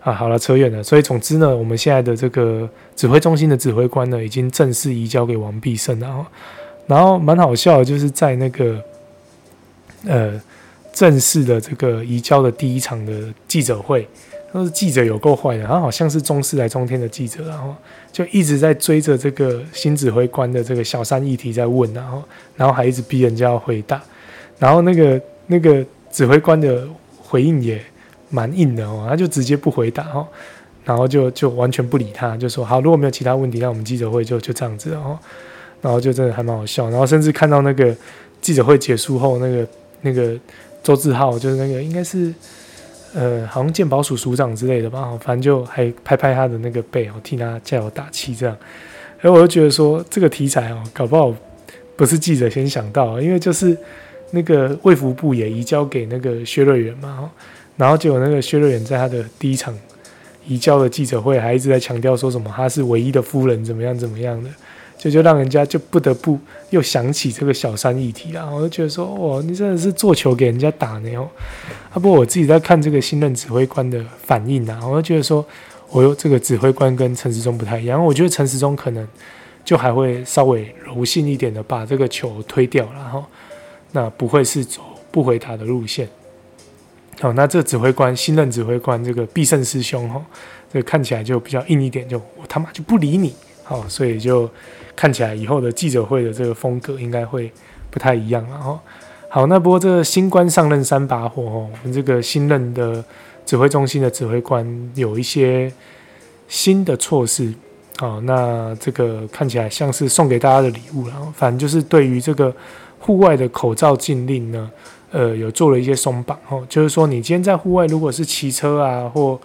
啊？好了，扯遠了。所以總之呢，我們現在的這個指揮中心的指揮官呢，已經正式移交給王必勝了。然後，然後蠻好笑的，就是在那個呃正式的這個移交的第一場的記者會。都是記者有夠壞的，然後好像是中視來中天的記者，然後就一直在追着這個新指揮官的這個小三議題在問，然後然後還一直逼人家要回答，然後那個那個指揮官的回應也蠻硬的哦，他就直接不回答，然後然後就就完全不理他，就說好，如果沒有其他問題，那我們記者會就就這樣子。然後然後就真的還蠻好笑，然後甚至看到那個記者會結束後，那個那個周志浩就是那個應該是。呃，好像健保署,署署長之類的吧，反正就還拍拍他的那個背哦、喔，替他加油打氣這樣，哎，我就覺得說這個題材哦、喔，搞不好不是記者先想到，因為就是那個衛福部也移交給那個薛瑞元嘛、喔，然後結果那個薛瑞元在他的第一場移交的記者會還一直在強調說什麼他是唯一的夫人怎麼樣怎麼樣的。就就讓人家就不得不又想起這個小三議題啦，我就覺得說，哇，你真的是做球給人家打呢哦。啊，不過我自己在看這個新任指揮官的反應啊。我就覺得說，我、哎、有這個指揮官跟陳時中不太一樣，我覺得陳時中可能就還會稍微柔性一點的把這個球推掉啦，然後那不會是走不回答的路線。好，那這指揮官，新任指揮官這個必勝師兄哈，這個看起來就比較硬一點，就我他媽就不理你。好，所以就。看起來以後的記者會的這個風格應該會不太一樣了。哈，好，那不過這個新官上任三把火哦，我們這個新任的指揮中心的指揮官有一些新的措施啊，哦，那這個看起來像是送給大家的禮物，然後反正就是對於這個戶外的口罩禁令呢，呃，有做了一些鬆綁哦，就是說你今天在戶外如果是騎車啊，或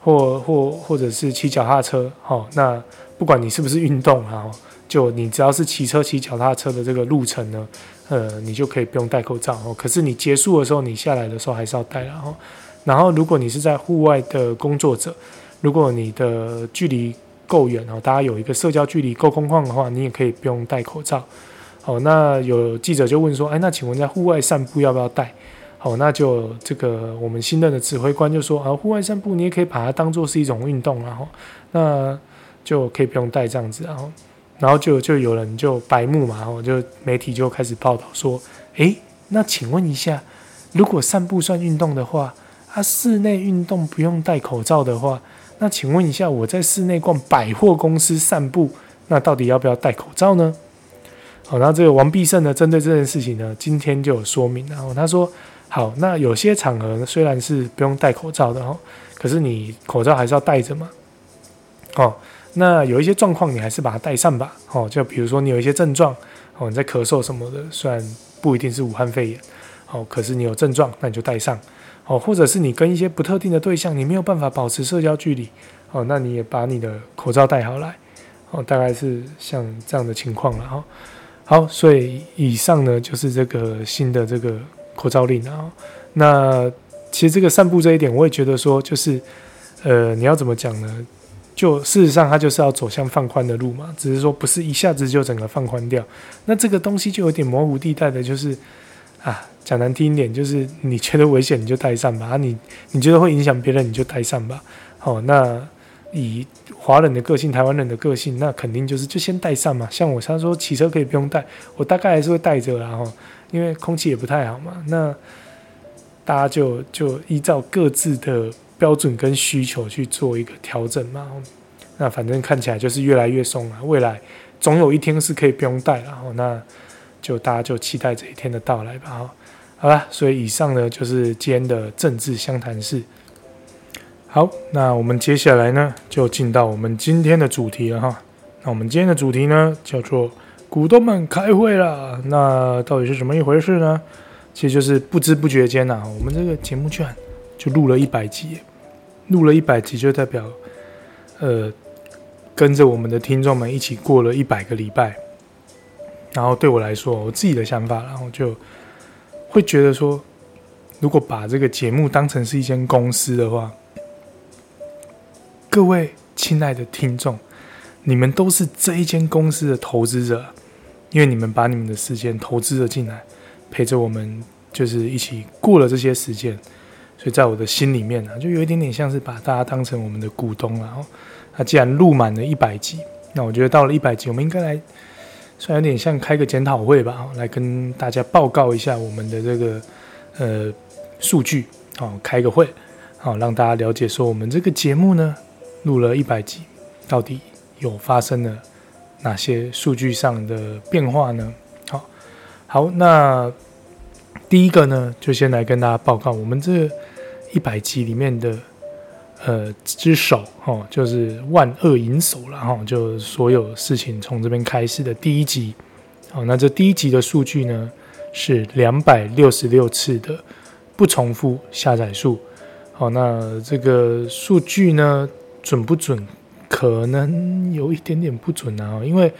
或或或者是騎腳踏車，哈，哦，那不管你是不是運動，哈，哦。就你只要是騎車、騎腳踏車的這個路程呢，呃，你就可以不用戴口罩哦。可是你結束的時候，你下來的時候還是要戴，然後，然後如果你是在戶外的工作者，如果你的距離夠遠，大家有一個社交距離夠空曠的話，你也可以不用戴口罩。好，那有記者就問說，哎，那請問在戶外散步要不要戴？好，那就這個我們新任的指揮官就說啊，戶外散步你也可以把它當做是一種運動啦，然後，那就可以不用戴這樣子，然後。然後就就有人就白目嘛，然後就媒體就開始報道說，誒，那請問一下，如果散步算運動的話，啊，室內運動不用戴口罩的話，那請問一下，我在室內逛百貨公司散步，那到底要不要戴口罩呢？好，那這個王必勝呢，針對這件事情呢，今天就有說明，然後他說，好，那有些場合雖然是不用戴口罩的，哦，可是你口罩還是要戴着嘛，哦。那有一些狀況，你還是把它戴上吧。哦，就比如說你有一些症狀，哦,你在咳嗽什麼的，雖然不一定是武漢肺炎，哦，可是你有症狀，那你就戴上。哦，或者是你跟一些不特定的對象，你沒有辦法保持社交距離，哦，那你也把你的口罩戴好來。哦，大概是像這樣的情況了。哦，好，所以以上呢就是這個新的這個口罩令啊、哦。那其實這個散步這一點，我也覺得說，就是，呃，你要怎麼講呢？就事實上，他就是要走向放寬的路嘛，只是說不是一下子就整個放寬掉。那這個東西就有點模糊地帶的，就是啊，講難聽一點，就是你覺得危險你就戴上吧，啊你你覺得會影響別人你就戴上吧。好、哦，那以華人的個性、台灣人的個性，那肯定就是就先戴上嘛。像我他說騎車可以不用戴，我大概還是會戴著啦，吼，因為空氣也不太好嘛。那大家就就依照各自的。標準跟需求去做一個調整嘛，那反正看起來就是越來越鬆了、啊，未來總有一天是可以不用戴了那就大家就期待這一天的到來吧好，好了。所以以上呢就是今天的政治相談室。好，那我們接下來呢就進到我們今天的主題了哈，那我們今天的主題呢叫做股東們開會了，那到底是怎麼一回事呢？其實就是不知不覺間呢、啊，我們這個節目居然就錄了一百集。錄了一百集，就代表，呃，跟着我們的聽眾們一起過了一百個禮拜。然後對我來說，我自己的想法，然後就會覺得說，如果把這個節目當成是一間公司的話，各位親愛的聽眾，你們都是這一間公司的投資者，因為你們把你們的時間投資了進來，陪着我們，就是一起過了這些時間。所以，在我的心裡面呢、啊，就有一點點像是把大家當成我們的股東了、啊。哦、啊，那既然錄滿了一百集，那我覺得到了一百集，我們應該來，算有點像開個檢討會吧，來跟大家報告一下我們的這個，呃，數據，哦、啊，開個會，好、啊，讓大家了解說我們這個節目呢，錄了一百集，到底有發生了哪些數據上的變化呢？好、啊，好，那。第一個呢，就先來跟大家報告，我們這一百集裡面的，呃，之首哦，就是萬惡淫首了哈，就所有事情從這邊開始的第一集，好，那這第一集的數據呢，是兩百六十六次的不重復下載數，好，那這個數據呢，準不準？可能有一點點不準啊，因為，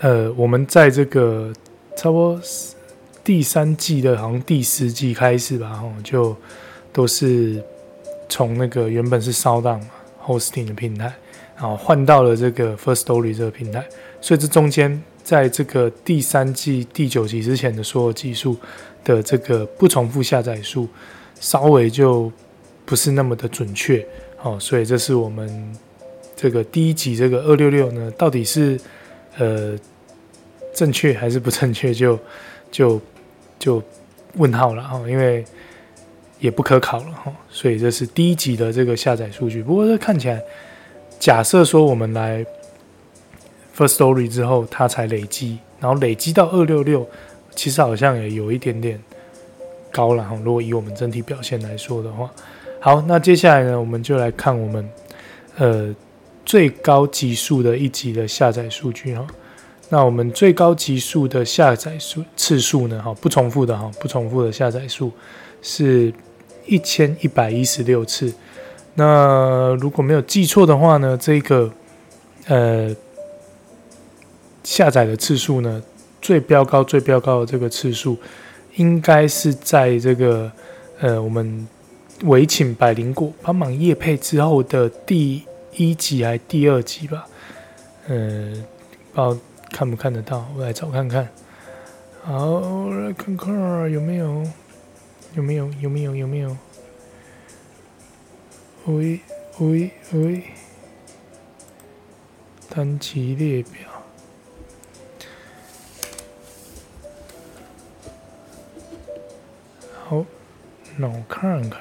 呃，我們在這個差不多。第三季的好像第十集，開始吧，哦，就都是從那個原本是 SoundOn Hosting 的平台，哦，換到了這個 Firstory 這個平台，所以這中間在這個第三季第九集之前的所有計數的這個不重複下載數，稍微就不是那麼的準確，哦，所以這是我們這個第一集這個二六六呢，到底是呃正確還是不正確，就就。就問號了哈，因為也不可考了哈，所以這是第一集的這個下載數據。不過這，看起來，假設說我們來 Firstory 之後，它才累積，然後累積到二六六，其實好像也有一點點高了哈。如果以我們整體表現來說的話，好，那接下來呢，我們就來看我們呃最高集數的一集的下載數據哈。那我們最高級數的下載數次數呢？哈，不重複的哈，不重複的下載數是一千一百一十六次。那如果沒有記錯的話呢，這個呃下載的次數呢，最飆高，最飆高的這個次數應該是在這個呃我們委請百靈果幫忙業配之後的第一集還第二集吧？呃，報。看不看得到？我來找看看。好，來看看有沒有，有沒有，有沒有，有沒有。喂喂喂！單詞列表。好，那我看看。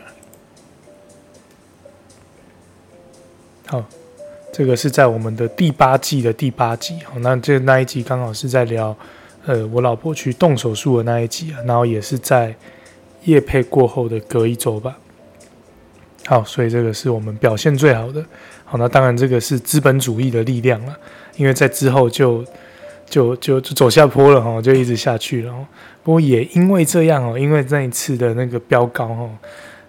好。這個是在我們的第八季的第八集，好，那這那一集剛好是在聊，呃，我老婆去動手術的那一集啊，然後也是在業配過後的隔一周吧，好，所以這個是我們表現最好的，好，那當然這個是資本主義的力量了，因為在之後就就就就，就走下坡了哈、哦，就一直下去了、哦，不過也因為這樣哦，因為那一次的那個標高哈、哦，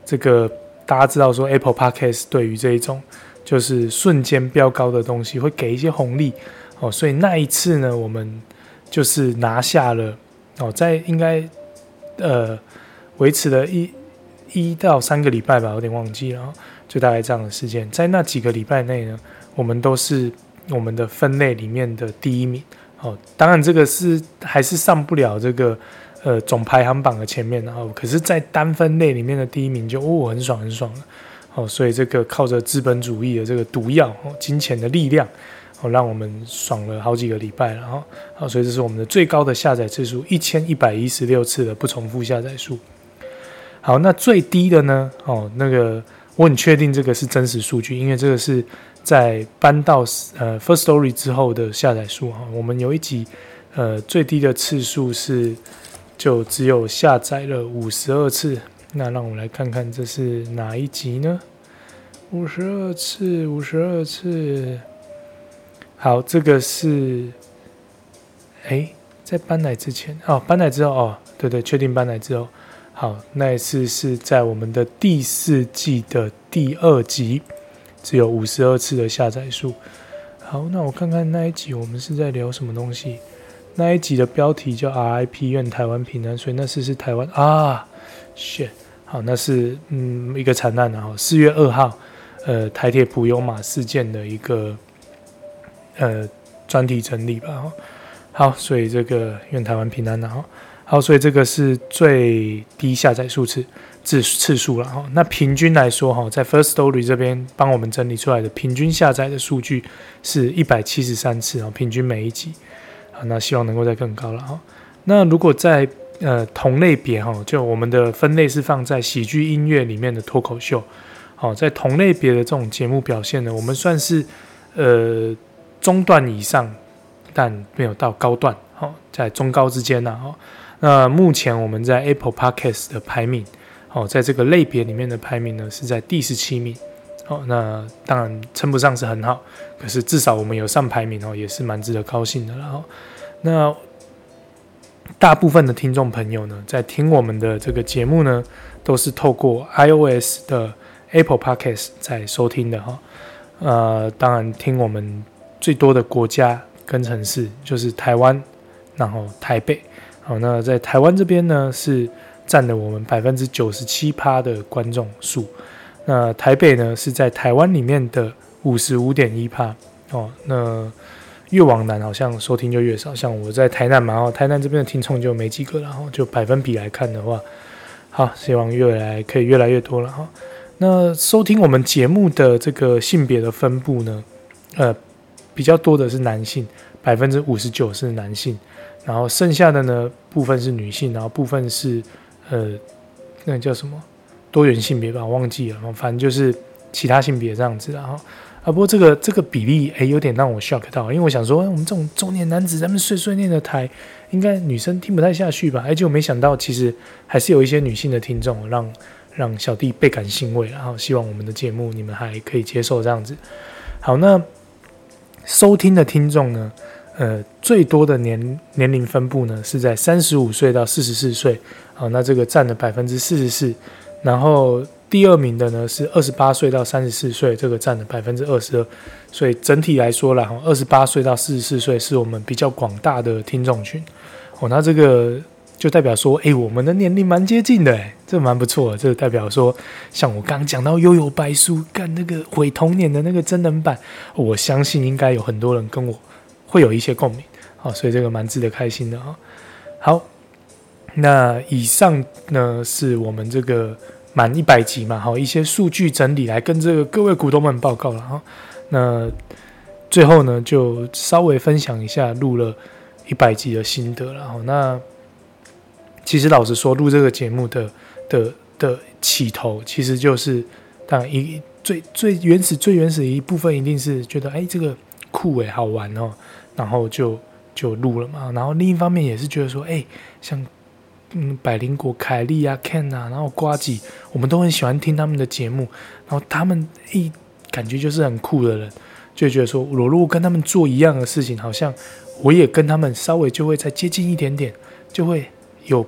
這個大家知道說 Apple Podcast 對於這一種。就是瞬間飆高的東西會給一些紅利哦，所以那一次呢，我們就是拿下了哦，在應該呃維持了一一到三個禮拜吧，有點忘記了，就大概這樣的時間。在那幾個禮拜內呢，我們都是我們的分類裡面的第一名哦。當然這個是還是上不了這個呃總排行榜的前面，哦，可是，在單分類裡面的第一名就哦，很爽很爽了。哦，所以這個靠着資本主義的這個毒藥、哦，金錢的力量，哦，讓我們爽了好幾個禮拜了，了、哦、好，好、哦，所以這是我們的最高的下載次數，一千一百一十六次的不重複下載數。好，那最低的呢？哦，那個我很確定這個是真實數據，因為這個是在搬到呃 Firstory 之後的下載數啊、哦。我們有一集，呃，最低的次數是就只有下載了五十二次。那讓我們來看看這是哪一集呢？五十二次，五十二次。好，這個是，哎、欸，在搬來之前哦，搬來之後哦，對對，確定搬來之後。好，那一次是在我們的第四季的第二集，只有五十二次的下載數。好，那我看看那一集我們是在聊什麼東西。那一集的標題叫 “RIP 願台灣平安”，所以那次是台灣啊，shit。好，那是嗯一個慘案了哈、哦，四月二號，呃台鐵普悠馬事件的一個呃專題整理吧、哦、好，所以這個願台灣平安了哈、哦。好，所以這個是最低下載數次次次數了哈、哦。那平均來說哈、哦，在 First Story 這邊幫我們整理出來的平均下載的數據是一百七十三次啊、哦，平均每一集。好，那希望能夠再更高了哈、哦。那如果在呃，同類別哈、哦，就我們的分類是放在喜劇音樂裡面的脫口秀，好、哦，在同類別的這種節目表現呢，我們算是呃中段以上，但沒有到高段，好、哦，在中高之間呢、啊，哦，那目前我們在 Apple Podcast 的排名，哦，在這個類別裡面的排名呢是在第十七名，哦，那當然稱不上是很好，可是至少我們有上排名哦，也是蠻值得高興的，然、哦、後那。大部分的聽眾朋友呢，在聽我們的這個節目呢，都是透過 iOS 的 Apple Podcast 在收聽的哈。呃，當然聽我們最多的國家跟城市就是台灣，然後台北。好、哦，那在台灣這邊呢，是佔了我們百分之九十七趴的觀眾數。那台北呢，是在台灣裡面的五十五點一趴。哦，那。越往南好像收聽就越少，像我在台南嘛，然後台南這邊的聽眾就沒幾個了，然後就百分比來看的話，好，希望越來可以越來越多了哈。那收聽我們節目的這個性別的分布呢，呃，比較多的是男性，百分之五十九是男性，然後剩下的呢部分是女性，然後部分是呃，那叫什麼多元性別吧，我忘記了，反正就是其他性別這樣子的。哈。啊，不過這個這個比例誒，有點讓我 shock 到，因為我想說，誒、哎，我們這種中年男子咱們碎碎念的台，應該女生聽不太下去吧？而且我沒想到，其實還是有一些女性的聽眾，讓讓小弟倍感欣慰。然後，希望我們的節目你們還可以接受這樣子。好，那收聽的聽眾呢？呃，最多的年年齡分布呢，是在三十五歲到四十四歲。好，那這個佔了百分之四十四，然後。第二名的呢是二十八歲到三十四歲，這個占了百分之二十二，所以整體來說啦二十八歲到四十四歲是我們比較廣大的聽眾群哦。那這個就代表說，哎、欸，我們的年齡蠻接近的、欸，誒，這蠻、個、不錯，這個、代表說，像我剛講到《幽遊白書》幹那個毀童年的那個真人版，我相信應該有很多人跟我會有一些共鳴好、哦，所以這個蠻值得開心的啊、哦。好，那以上呢是我們這個。滿一百集嘛，好一些數據整理來跟這個各位股東們報告了哈。那最後呢，就稍微分享一下錄了一百集的心得。然後那其實老實說，錄這個節目的的的，的起頭，其實就是當然一最最原始最原始的一部分一定是覺得哎、欸、這個酷誒、欸、好玩哦、喔，然後就就錄了嘛。然後另一方面也是覺得說哎、欸、像。嗯，百靈果凱莉啊，Ken 啊，然後呱吉，我們都很喜歡聽他們的節目，然後他們一感覺就是很酷的人，就覺得說，我如果跟他們做一樣的事情，好像我也跟他們稍微就會再接近一點點，就會有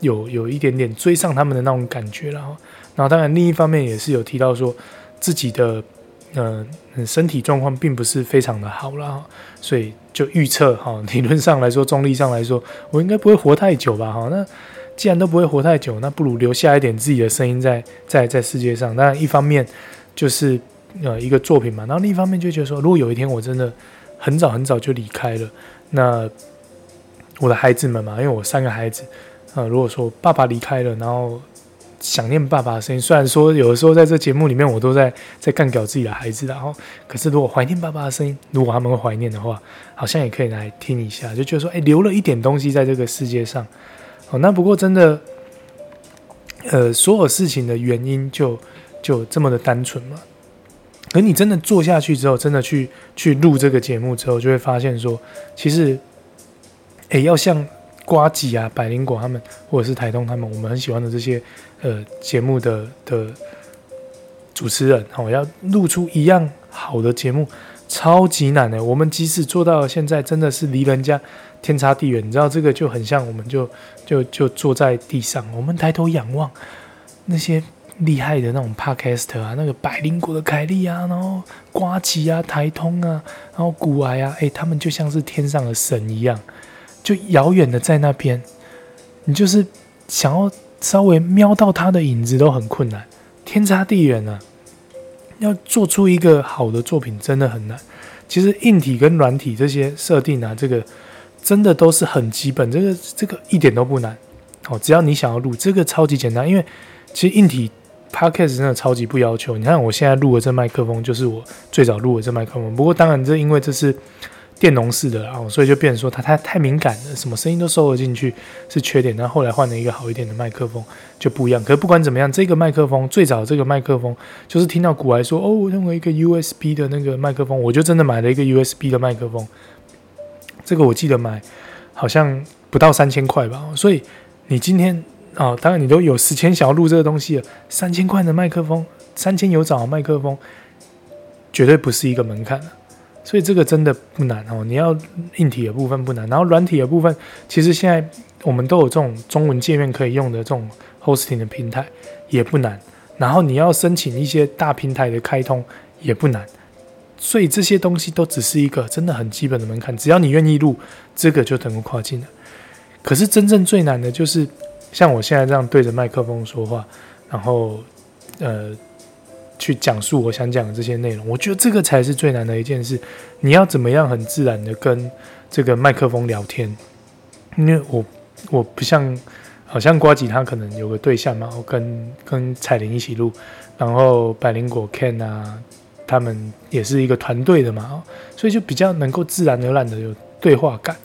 有有一點點追上他們的那種感覺，然後，然後當然另一方面也是有提到說自己的。呃，身體狀況並不是非常的好了，所以就預測哈，理論上來說，中立上來說，我應該不會活太久吧哈。那既然都不會活太久，那不如留下一點自己的聲音在在在世界上。那一方面就是呃一個作品嘛，然後另一方面就覺得說，如果有一天我真的很早很早就離開了，那我的孩子們嘛，因為我三個孩子啊、呃，如果說爸爸離開了，然後。想念爸爸的聲音，雖然說有的時候在這節目裡面我都在在幹掉自己的孩子，然後，哦，可是如果懷念爸爸的聲音，如果他們會懷念的話，好像也可以來聽一下，就覺得說，哎、欸，留了一點東西在這個世界上，哦，那不過真的，呃，所有事情的原因就就這麼的單純嘛？可你真的做下去之後，真的去去錄這個節目之後，就會發現說，其實，哎、欸，要像呱吉啊、百靈果他們，或者是台東他們，我們很喜歡的這些。呃，節目的的主持人好，哦，要錄出一樣好的節目，超級難的，欸。我們即使做到現在，真的是離人家天差地遠。你知道這個就很像，我們就就就坐在地上，我們抬頭仰望那些厲害的那種 podcaster 啊，那個百靈果的凱莉啊，然後呱吉啊，台通啊，然後股癌啊。哎，欸，他們就像是天上的神一樣，就遙遠的在那邊。你就是想要。稍微瞄到他的影子都很困難，天差地遠啊！要做出一個好的作品真的很難。其實硬體跟軟體這些設定啊，這個真的都是很基本，這個這個一點都不難。哦。只要你想要錄，這個超級簡單。因為其實硬體 podcast 真的超級不要求。你看我現在錄的這麥克風，就是我最早錄的這麥克風。不過當然，這因為這是電容式的，啊、哦，所以就變成說它它太敏感了，什麼聲音都收了進去，是缺點。那後，後來換了一個好一點的麥克風就不一樣。可是不管怎麼樣，這個麥克風最早這個麥克風就是聽到古來說哦，我用了一個 USB 的那個麥克風，我就真的買了一個 USB 的麥克風。這個我記得買好像不到三千塊吧。所以你今天啊、哦，當然你都有時間，想要錄這個東西了，三千塊的麥克風，三千有找麥克風，絕對不是一個門檻。所以這個真的不難哦，你要硬體的部分不難，然後軟體的部分，其實現在我們都有這種中文界面可以用的這種 hosting 的平台，也不難。然後你要申請一些大平台的開通也不難，所以這些東西都只是一個真的很基本的門檻，只要你願意錄，這個就等於跨進了。可是真正最難的就是像我現在這樣對着麥克風說話，然後，呃。去講述我想講的這些內容，我覺得這個才是最難的一件事。你要怎麼樣很自然的跟這個麥克風聊天？因為我我不像，好像呱吉他可能有個對象嘛，我跟跟彩玲一起錄，然後百靈果 Ken 啊，他們也是一個團隊的嘛，所以就比較能夠自然而然的有對話感。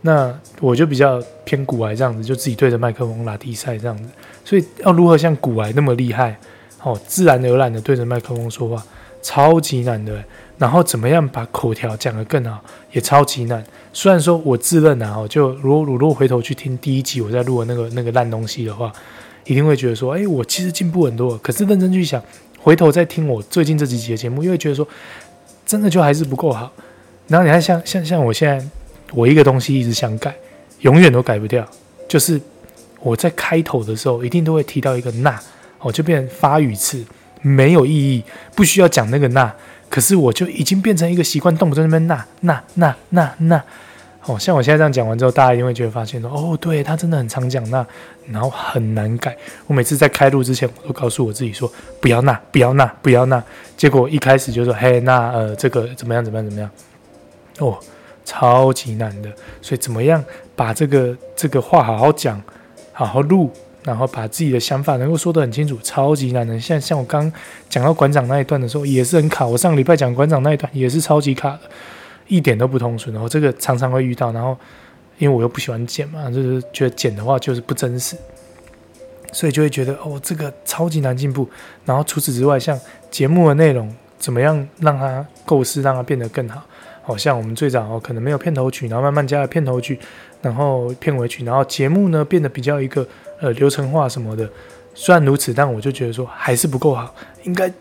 那我就比較偏股癌這樣子，就自己對着麥克風喇低賽這樣子。所以要如何像股癌那麼厲害？哦，自然而然的對着麥克風說話，超級難的、欸。然後怎麼樣把口條講得更好，也超級難。雖然說我自認啊，就如果如果回頭去聽第一集我在錄的那個那個爛東西的話，一定會覺得說，哎、欸，我其實進步很多。可是認真去想，回頭再聽我最近這幾集的節目，又會覺得說，真的就還是不夠好。然後你看像，像像像我現在，我一個東西一直想改，永遠都改不掉，就是我在開頭的時候一定都會提到一個那。哦，就變發語詞，沒有意義，不需要講那個那。可是我就已經變成一個習慣動作，在那邊那那那那那，那。哦，像我現在這樣講完之後，大家一定會覺得發現說，哦，對，他真的很常講那，然後很難改。我每次在開錄之前，我都告訴我自己說不，不要那，不要那，不要那。結果一開始就說，嘿那呃這個怎麼樣怎麼樣怎麼樣？哦，超級難的。所以怎麼樣把這個這個話好好講，好好錄？然後把自己的想法能夠說得很清楚，超級難的。像像我剛剛講到館長那一段的時候，也是很卡。我上個禮拜講館長那一段也是超級卡的，一點都不通順。然後，哦，這個常常會遇到，然後因為我又不喜歡剪嘛，就是覺得剪的話就是不真實，所以就會覺得哦，這個超級難進步。然後除此之外，像節目的內容怎麼樣讓它構思讓它變得更好，哦，好像我們最早、哦、可能沒有片頭曲，然後慢慢加了片頭曲。然後片尾曲，然後節目呢變得比較一個呃流程化什麼的。雖然如此，但我就覺得說還是不夠好，應該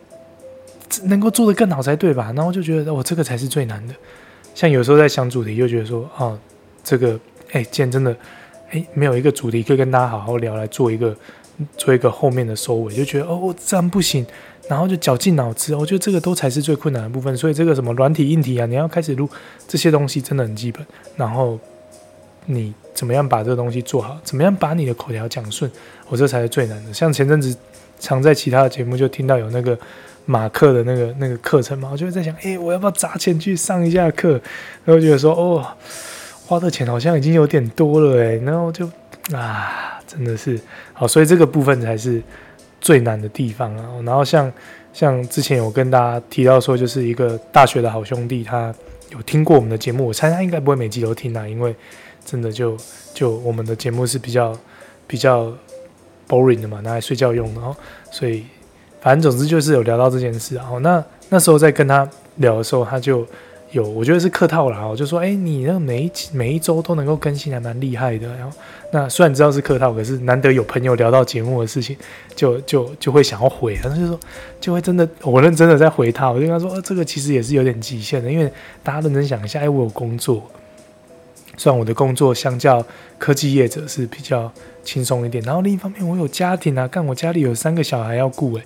能夠做得更好才對吧？然後就覺得我、哦、這個才是最難的。像有時候在想主題，就覺得說哦，這個哎，既然真的哎沒有一個主題可以跟大家好好聊，來做一個做一個後面的收尾，就覺得哦，我這樣不行，然後就絞盡腦汁。我覺得這個都才是最困難的部分。所以這個什麼軟體硬體啊，你要開始錄這些東西真的很基本。然後。你怎麼樣把這個東西做好？怎麼樣把你的口條講順？我、哦、這才是最難的。像前陣子常在其他的節目就聽到有那個馬克的那個那個課程嘛，我就會在想：誒、欸，我要不要砸錢去上一下課？然後覺得說：哦，花的錢好像已經有點多了誒，然後就啊，真的是好，所以這個部分才是最難的地方啊。哦、然後像像之前有跟大家提到說，就是一個大學的好兄弟，他有聽過我們的節目，我猜他應該不會每集都聽啊，因為。真的就就我們的節目是比較比較 boring 的嘛，拿來睡覺用的哦。所以反正總之就是有聊到這件事喔，然後那那時候在跟他聊的時候，他就有我覺得是客套啦喔，我就說，誒，你那個每一每一周都能夠更新，還蠻厲害的喔。然後那雖然知道是客套，可是難得有朋友聊到節目的事情，就就就會想要回，他就說就會真的，我認真的在回他喔，我就跟他說喔，這個其實也是有點極限的，因為大家認真想一下，誒，我有工作。雖然我的工作相較科技業者是比較輕鬆一點，然後另一方面我有家庭啊，幹，我家裡有三個小孩要顧誒，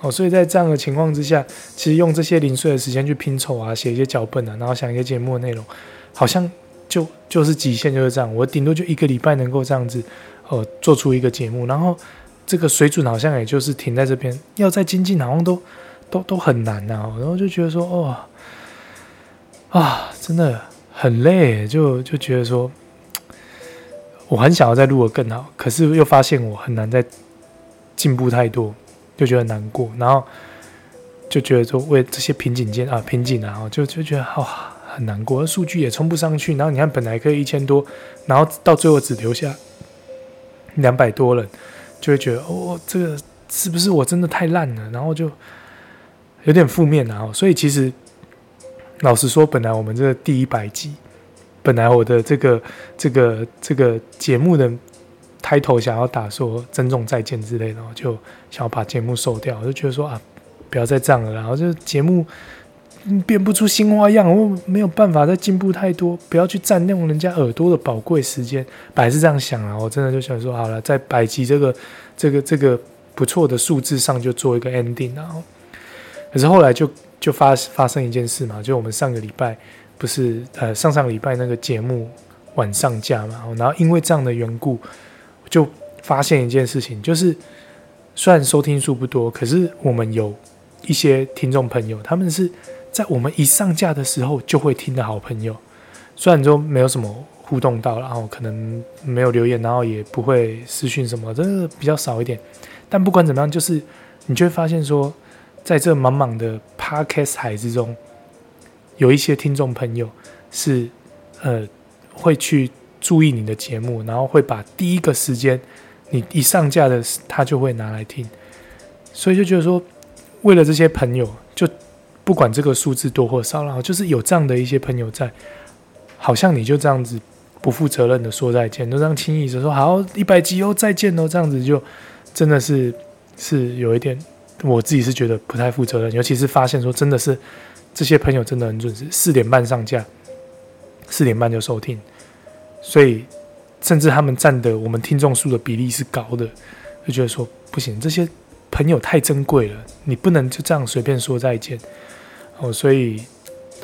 哦，所以在這樣的情況之下，其實用這些零碎的時間去拼湊啊，寫一些腳本啊，然後想一些節目的內容，好像就就是極限就是這樣，我頂多就一個禮拜能夠這樣子，哦、呃，做出一個節目，然後這個水準好像也就是停在這邊，要再精進，好像都都都，都很難啊，然後就覺得說，哦，啊，真的。很累，就就覺得說，我很想要再錄得更好，可是又發現我很難再進步太多，就覺得難過，然後就覺得說為這些瓶頸間啊瓶頸啊，就就覺得好很難過，數據也衝不上去，然後你看本來可以一千多，然後到最後只留下兩百多了，就會覺得哦，這個是不是我真的太爛了？然後就有點負面啊，所以其實。老實說，本來我們這個第一百集，本來我的這個這個這個節目的開頭想要打說“珍重再見”之類的，就想要把節目收掉，就覺得說啊，不要再這樣了，然後這節目變不出新花樣，我沒有辦法再進步太多，不要去佔用人家耳朵的寶貴時間，本來是這樣想啊，我真的就想說好了，在百集這個這個這個不錯的數字上就做一個 ending，然後，可是後來就。就發發生一件事嘛，就我們上個禮拜不是呃，上上禮拜那個節目晚上架嘛，然後因為這樣的緣故，就發現一件事情，就是雖然收聽數不多，可是我們有一些聽眾朋友，他們是在我們一上架的時候就會聽的好朋友，雖然說沒有什麼互動到，然後可能沒有留言，然後也不會私訊什麼，真的比較少一點，但不管怎麼樣，就是你就會發現說，在這茫茫的。Podcast 海之中，有一些聽眾朋友是呃會去注意你的節目，然後會把第一個時間你一上架的，他就會拿來聽。所以就覺得說，為了這些朋友，就不管這個數字多或少，然後就是有這樣的一些朋友在，好像你就這樣子不負責任的說再見，都這樣輕易的說好一百集哦再見哦。這樣子就真的是是有一點。我自己是覺得不太負責任，尤其是發現說真的是這些朋友真的很準時，四點半上架，四點半就收聽，所以甚至他們占的我們聽眾數的比例是高的，就覺得說不行，這些朋友太珍貴了，你不能就這樣隨便說再見哦。所以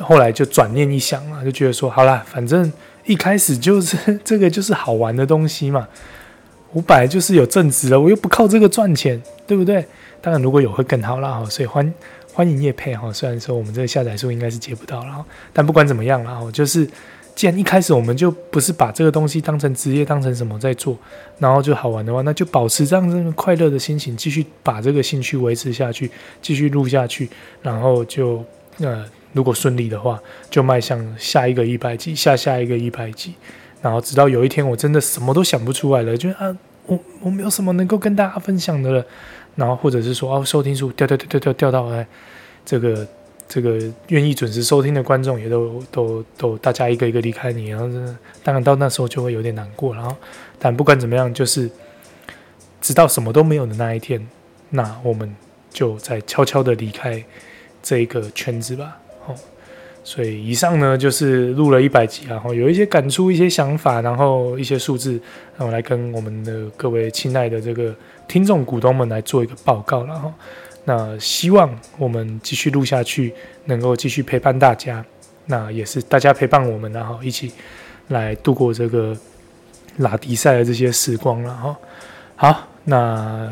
後來就轉念一想啊，就覺得說好啦，反正一開始就是這個就是好玩的東西嘛，我本來就是有正職了，我又不靠這個賺錢，對不對？當然，如果有會更好啦，哈，所以歡歡迎業配喔。哈。雖然說我們這個下載數應該是接不到啦，但不管怎麼樣啦。哈，就是既然一開始我們就不是把這個東西當成職業、當成什麼在做，然後就好玩的話，那就保持這樣快樂的心情，繼續把這個興趣維持下去，繼續錄下去，然後就呃，如果順利的話，就邁向下一個一百集，下下一個一百集，然後直到有一天我真的什麼都想不出來了，就啊，我我沒有什麼能夠跟大家分享的了。然後，或者是說，哦、啊，收聽數掉掉掉掉掉掉到哎，這個這個願意準時收聽的觀眾也都都都，都大家一個一個離開你，然後呢，當然到那時候就會有點難過。然後，但不管怎麼樣，就是直到什麼都沒有的那一天，那我們就在悄悄的離開這一個圈子吧。好、哦，所以以上呢，就是錄了一百集，然後有一些感觸、一些想法，然後一些數字，讓我來跟我們的各位親愛的這個。聽眾股東們來做一個報告，然後那希望我們繼續錄下去，能夠繼續陪伴大家，那也是大家陪伴我們，然後一起來度過這個拉迪賽的這些時光了哈。好，那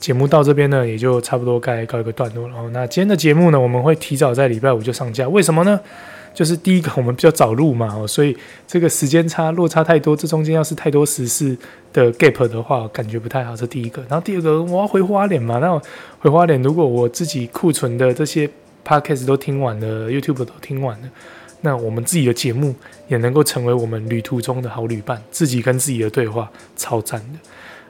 節目到這邊呢，也就差不多該告一個段落了。那今天的節目呢，我們會提早在禮拜五就上架，為什麼呢？就是第一個，我們比較早錄嘛，所以這個時間差落差太多，這中間要是太多時事的 gap 的話，感覺不太好。這第一個，然後第二個，我要回花蓮嘛。那回花蓮，如果我自己庫存的這些 podcast 都聽完了，YouTube 都聽完了，那我們自己的節目也能夠成為我們旅途中的好旅伴，自己跟自己的對話，超讚的。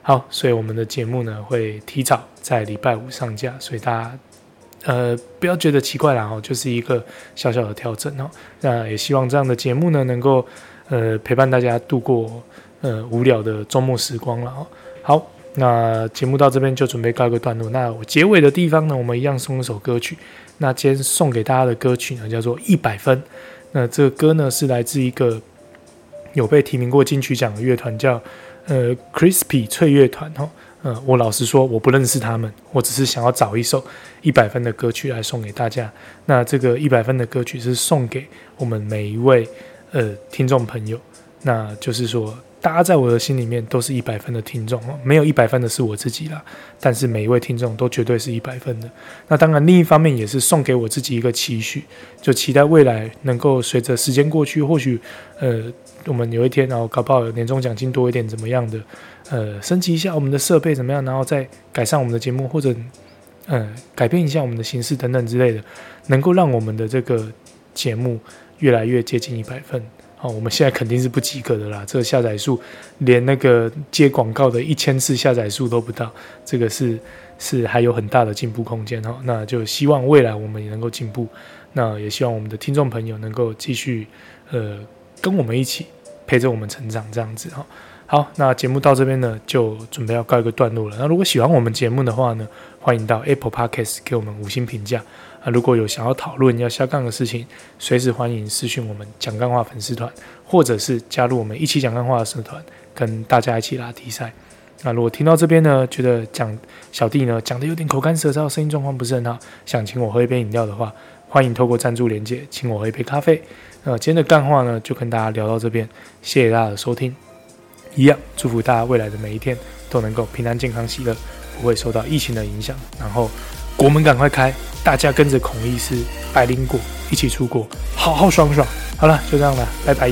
好，所以我們的節目呢，會提早在禮拜五上架，所以大家，呃，不要覺得奇怪啦，哦，就是一個小小的調整哦。那也希望這樣的節目呢，能夠呃陪伴大家度過呃無聊的周末時光了哈。好，那節目到這邊就準備告一個段落。那我結尾的地方呢，我們一樣送一首歌曲。那今天送給大家的歌曲呢，叫做《一百分》。那這個歌呢，是來自一個有被提名過金曲獎的樂團，叫呃 Crispy 脆樂團哦。呃，我老實說，我不認識他們，我只是想要找一首一百分的歌曲來送給大家。那這個一百分的歌曲是送給我們每一位呃聽眾朋友，那就是說，大家在我的心裡面都是一百分的聽眾，沒有一百分的是我自己啦，但是每一位聽眾都絕對是一百分的。那當然，另一方面也是送給我自己一個期許，就期待未來能夠隨着時間過去，或許呃，我們有一天，然後搞不好年終獎金多一點，怎麼樣的。呃，升級一下我們的設備怎麼樣？然後再改善我們的節目，或者呃，改變一下我們的形式等等之類的，能夠讓我們的這個節目越來越接近一百分。好、哦，我們現在肯定是不及格的啦，這個下載數連那個接廣告的一千次下載數都不到，這個是是還有很大的進步空間哈、哦。那就希望未來我們也能夠進步，那也希望我們的聽眾朋友能夠繼續呃跟我們一起陪着我們成長這樣子哈。哦好，那節目到這邊呢，就準備要告一個段落了。那如果喜歡我們節目的話呢，歡迎到 Apple Podcast 給我們五星評價啊。那如果有想要討論要下槓的事情，隨時歡迎私訊我們講幹話粉絲團，或者是加入我們一起講幹話的社團，跟大家一起拉提賽。那如果聽到這邊呢，覺得講小弟呢講的有點口乾舌燥，聲音狀況不是很好，想請我喝一杯飲料的話，歡迎透過贊助鏈接請我喝一杯咖啡。那今天的幹話呢，就跟大家聊到這邊，謝謝大家的收聽。一樣祝福大家未來的每一天都能夠平安健康喜樂，不會受到疫情的影響。然後，國門趕快開，大家跟着孔醫師、百靈果一起出國，好好爽爽。好了，就這樣了，拜拜。